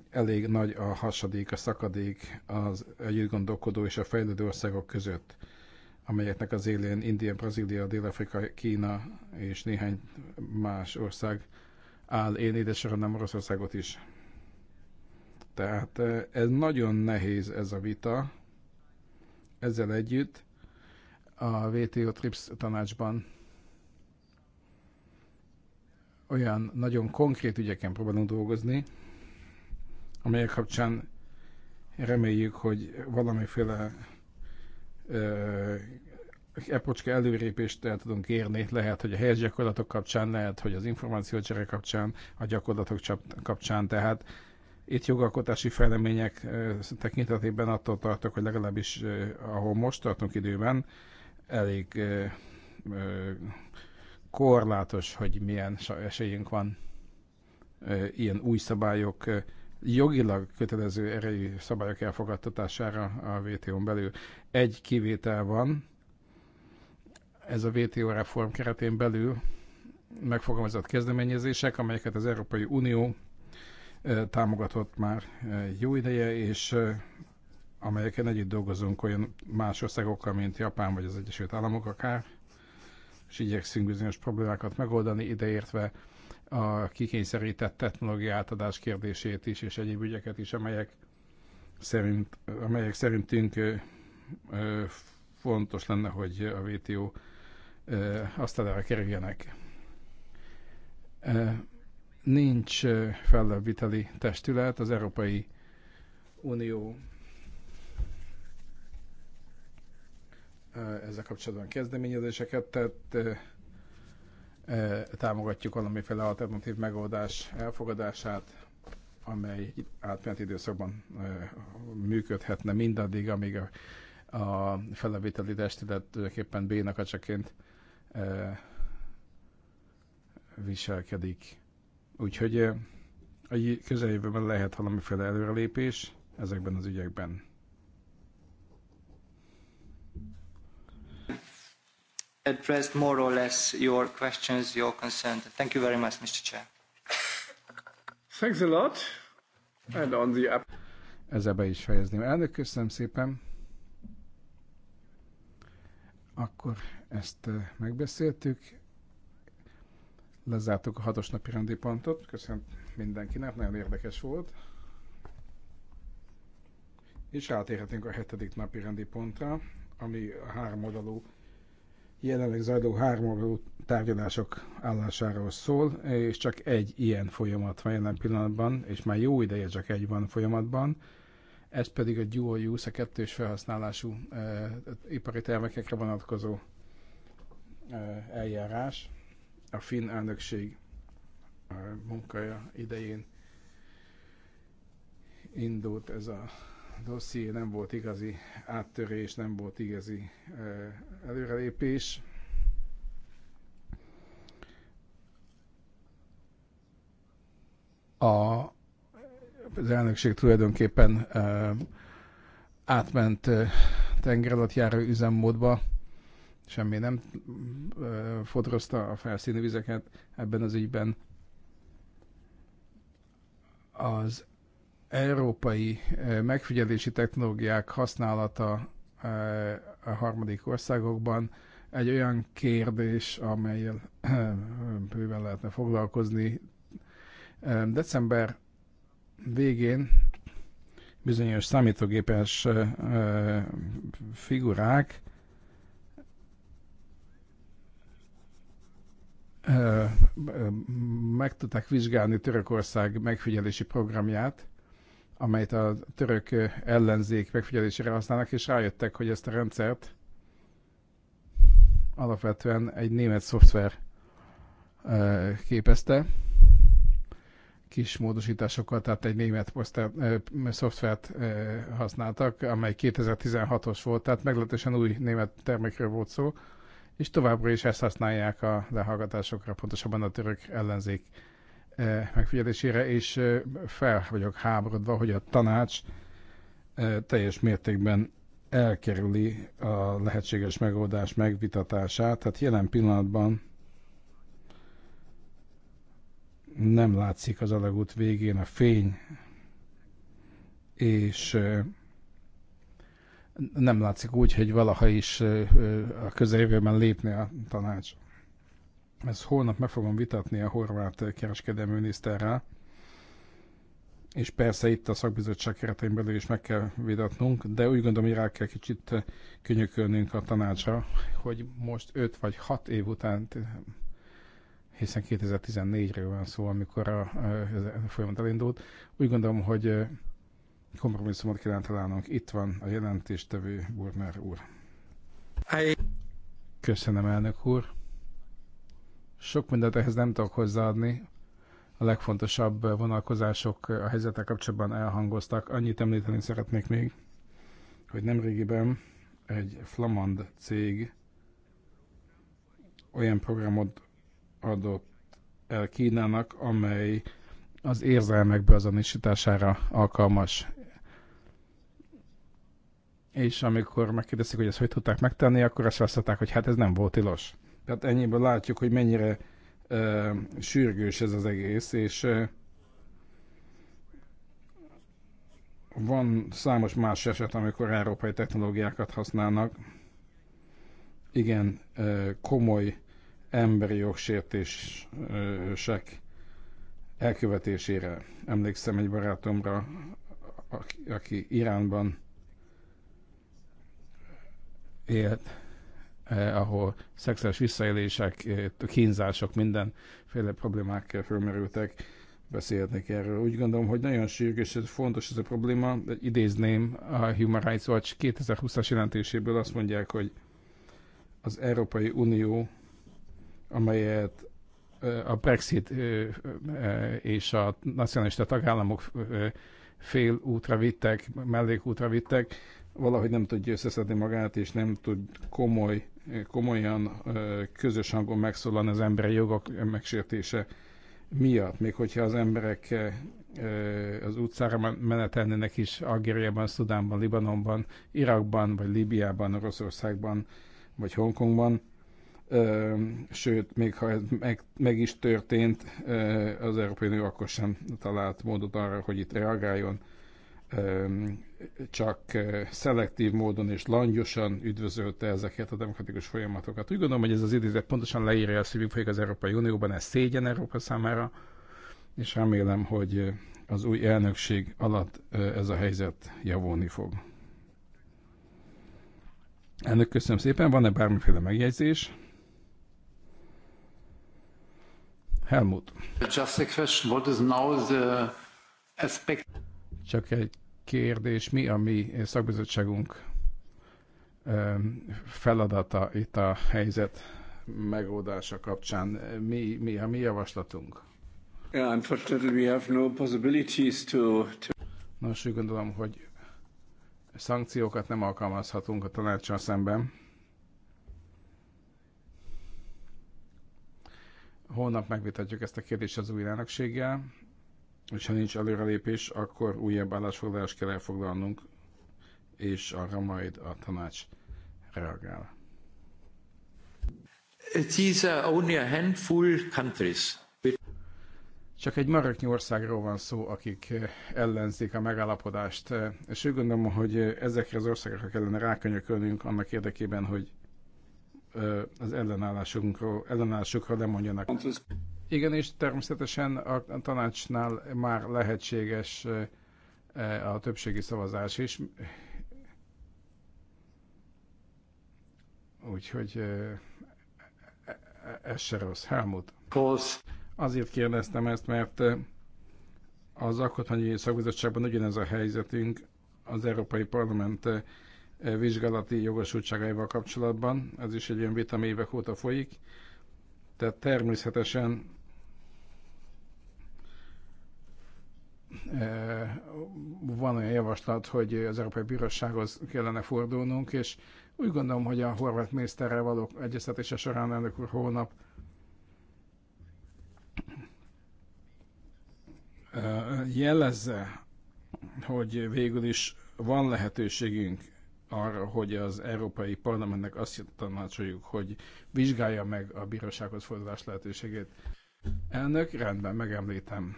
Elég nagy a hasadék, a szakadék az együtt gondolkodó és a fejlődő országok között amelyeknek az élén India, Brazília, Dél-Afrika, Kína és néhány más ország áll. Én édesoron nem Oroszországot is. Tehát eh, ez nagyon nehéz ez a vita. Ezzel együtt a WTO TRIPS tanácsban olyan nagyon konkrét ügyeken próbálunk dolgozni, amelyek kapcsán reméljük, hogy valamiféle epocska előrépést el tudunk érni, lehet, hogy a helyes gyakorlatok kapcsán, lehet, hogy az információcsere kapcsán, a gyakorlatok kapcsán, tehát itt jogalkotási fejlemények tekintetében attól tartok, hogy legalábbis ahol most tartunk időben, elég korlátos, hogy milyen esélyünk van ilyen új szabályok jogilag kötelező erejű szabályok elfogadtatására a WTO-n belül. Egy kivétel van, ez a WTO reform keretén belül megfogalmazott kezdeményezések, amelyeket az Európai Unió támogatott már jó ideje, és amelyeken együtt dolgozunk olyan más országokkal, mint Japán vagy az Egyesült Államok akár, és igyekszünk bizonyos problémákat megoldani, ideértve a kikényszerített technológia átadás kérdését is, és egyéb ügyeket is, amelyek, szerint, amelyek szerintünk fontos lenne, hogy a azt adára kerüljenek. Nincs fellebbviteli testület, az Európai Unió ezzel kapcsolatban kezdeményezéseket tett, Eh, támogatjuk valamiféle alternatív megoldás elfogadását, amely átmeneti időszakban eh, működhetne mindaddig, amíg a, a feleviteli testület tulajdonképpen bénakacsaként eh, viselkedik. Úgyhogy a közeljövőben lehet valamiféle előrelépés ezekben az ügyekben.
addressed more or less your questions, your concerns. Thank you very much, Mr. Chair. Thanks a lot.
And on the app. Ezzel be is fejezném. Elnök, köszönöm szépen. Akkor ezt megbeszéltük. Lezártuk a hatos napi rendi pontot. Köszönöm mindenkinek, nagyon érdekes volt. És rátérhetünk a hetedik napi rendi pontra, ami a három oldalú jelenleg zajló háromoldalú tárgyalások állásáról szól, és csak egy ilyen folyamat van jelen pillanatban, és már jó ideje csak egy van folyamatban, ez pedig a dual use, a kettős felhasználású e, ipari termékekre vonatkozó e, eljárás. A finn elnökség e, munkaja idején indult ez a dosszié nem volt igazi áttörés, nem volt igazi előrelépés. A, az elnökség tulajdonképpen átment tenger alatt járó üzemmódba, semmi nem fodrozta a felszíni vizeket ebben az ügyben. Az európai eh, megfigyelési technológiák használata eh, a harmadik országokban egy olyan kérdés, amelyel eh, bőven lehetne foglalkozni. December végén bizonyos számítógépes figurák meg tudták vizsgálni Törökország megfigyelési programját, amelyet a török ellenzék megfigyelésére használnak, és rájöttek, hogy ezt a rendszert alapvetően egy német szoftver képezte, kis módosításokkal, tehát egy német poszter, szoftvert használtak, amely 2016-os volt, tehát meglehetősen új német termékről volt szó, és továbbra is ezt használják a lehallgatásokra, pontosabban a török ellenzék E, megfigyelésére, és e, fel vagyok háborodva, hogy a tanács e, teljes mértékben elkerüli a lehetséges megoldás megvitatását. Tehát jelen pillanatban nem látszik az alagút végén a fény, és nem látszik úgy, hogy valaha is a közeljövőben lépne a tanács. Ezt holnap meg fogom vitatni a horvát kereskedelmi miniszterrel, és persze itt a szakbizottság keretein belül is meg kell vitatnunk, de úgy gondolom, hogy rá kell kicsit könyökölnünk a tanácsra, hogy most 5 vagy 6 év után, hiszen 2014-ről van szó, amikor a, a folyamat elindult, úgy gondolom, hogy kompromisszumot kellene találnunk. Itt van a jelentéstevő Burner úr. Köszönöm, elnök úr. Sok mindent ehhez nem tudok hozzáadni. A legfontosabb vonalkozások a helyzetek kapcsolatban elhangoztak. Annyit említeni szeretnék még, hogy nemrégiben egy flamand cég olyan programot adott el Kínának, amely az érzelmek beazonosítására alkalmas. És amikor megkérdezik, hogy ezt hogy tudták megtenni, akkor azt választották, hogy hát ez nem volt tilos. Tehát ennyiből látjuk, hogy mennyire ö, sürgős ez az egész, és ö, van számos más eset, amikor európai technológiákat használnak. Igen, ö, komoly emberi jogsértések elkövetésére. Emlékszem egy barátomra, aki Iránban élt, eh, ahol szexuális visszaélések, eh, kínzások, mindenféle problémák felmerültek, beszélhetnék erről. Úgy gondolom, hogy nagyon és ez fontos ez a probléma. Idézném a Human Rights Watch 2020-as jelentéséből azt mondják, hogy az Európai Unió, amelyet eh, a Brexit eh, eh, és a nacionalista tagállamok fél útra vittek, mellékútra vittek, valahogy nem tudja összeszedni magát, és nem tud komoly komolyan közös hangon megszólalni az emberi jogok megsértése miatt, még hogyha az emberek az utcára menetelnének is Algériában, Szudánban, Libanonban, Irakban, vagy Líbiában, Oroszországban, vagy Hongkongban. Sőt, még ha ez meg, meg is történt, az Európai Unió akkor sem talált módot arra, hogy itt reagáljon csak szelektív módon és langyosan üdvözölte ezeket a demokratikus folyamatokat. Úgy gondolom, hogy ez az idézet pontosan leírja azt, hogy folyik az Európai Unióban, ez szégyen Európa számára, és remélem, hogy az új elnökség alatt ez a helyzet javulni fog. Ennek köszönöm szépen. Van-e bármiféle megjegyzés? Helmut. Just a question. What is now the aspect? Csak egy kérdés, mi a mi szakbizottságunk feladata itt a helyzet megoldása kapcsán? Mi, mi a mi javaslatunk? unfortunately we have no possibilities to, Nos, úgy gondolom, hogy szankciókat nem alkalmazhatunk a tanácssal szemben. Holnap megvitatjuk ezt a kérdést az új elnökséggel hogyha ha nincs előrelépés, akkor újabb állásfoglalást kell elfoglalnunk, és arra majd a tanács reagál. Uh, only a handful countries. Csak egy maraknyi országról van szó, akik eh, ellenzik a megállapodást, eh, és úgy gondolom, hogy eh, ezekre az országokra kellene rákönyökölnünk annak érdekében, hogy az ellenállásukra, ellenállásukról lemondjanak. Igen, és természetesen a tanácsnál már lehetséges a többségi szavazás is. Úgyhogy e, e, ez se rossz. Helmut. Posz. Azért kérdeztem ezt, mert az Alkotmányi Szakbizottságban ugyanez a helyzetünk az Európai Parlament vizsgálati jogosultságaival kapcsolatban. Ez is egy olyan vita, évek óta folyik. Tehát természetesen van olyan javaslat, hogy az Európai Bírósághoz kellene fordulnunk, és úgy gondolom, hogy a horvát miniszterrel való egyeztetése során elnök úr hónap jelezze, hogy végül is van lehetőségünk arra, hogy az Európai Parlamentnek azt tanácsoljuk, hogy vizsgálja meg a bírósághoz fordulás lehetőségét. Elnök, rendben, megemlítem.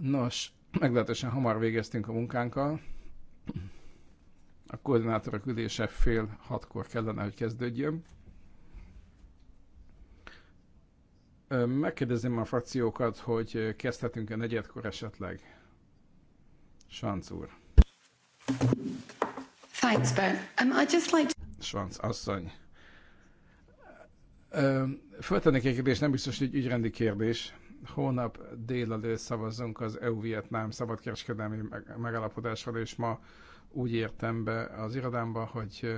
Nos, meglehetősen hamar végeztünk a munkánkkal. A koordinátorok ülése fél hatkor kellene, hogy kezdődjön. Megkérdezném a frakciókat, hogy kezdhetünk-e negyedkor esetleg. Sanc úr.
Thanks, Ben. Um, I just like to...
Sanc asszony. Föltennék egy kérdést, nem biztos, hogy ügyrendi kérdés. Hónap délelőtt szavazzunk az EU-Vietnám szabadkereskedelmi megállapodásról, és ma úgy értem be az irodámba, hogy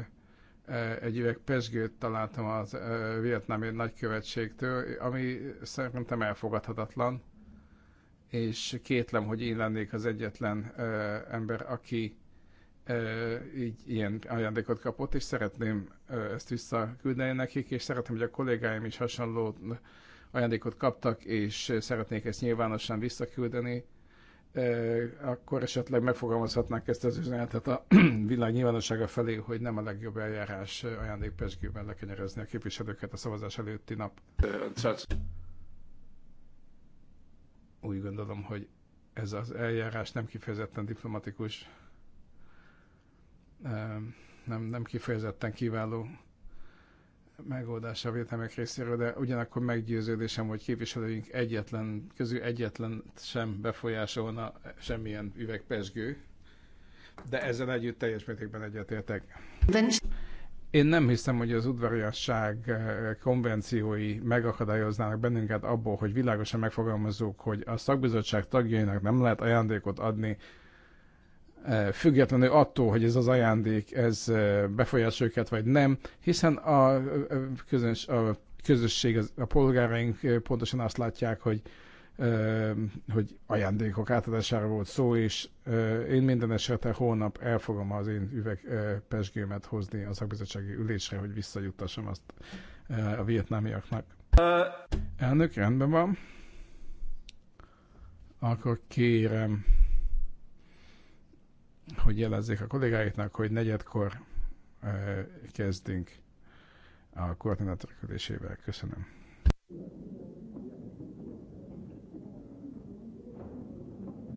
egy üveg pesgőt találtam az vietnámi nagykövetségtől, ami szerintem elfogadhatatlan, és kétlem, hogy én lennék az egyetlen ember, aki így ilyen ajándékot kapott, és szeretném ezt visszaküldeni nekik, és szeretném, hogy a kollégáim is hasonló ajándékot kaptak, és szeretnék ezt nyilvánosan visszaküldeni, akkor esetleg megfogalmazhatnák ezt az üzenetet a [clears throat] világ nyilvánossága felé, hogy nem a legjobb eljárás ajándékpesgőben lekenyerezni a képviselőket a szavazás előtti nap. Úgy gondolom, hogy ez az eljárás nem kifejezetten diplomatikus, nem, nem kifejezetten kiváló megoldás a vétemek részéről, de ugyanakkor meggyőződésem, hogy képviselőink egyetlen, közül egyetlen sem befolyásolna semmilyen üvegpesgő, de ezzel együtt teljes mértékben egyetértek. Én nem hiszem, hogy az udvariasság eh, konvenciói megakadályoznának bennünket abból, hogy világosan megfogalmazzuk, hogy a szakbizottság tagjainak nem lehet ajándékot adni függetlenül attól, hogy ez az ajándék ez befolyásol őket, vagy nem, hiszen a, közöns, a közösség, a polgáraink pontosan azt látják, hogy hogy ajándékok átadására volt szó, és én minden esetre holnap el fogom az én üveg hozni a szakbizottsági ülésre, hogy visszajuttassam azt a vietnámiaknak. Elnök, rendben van. Akkor kérem hogy jelezzék a kollégáiknak, hogy negyedkor kezdünk a koordinátor Köszönöm.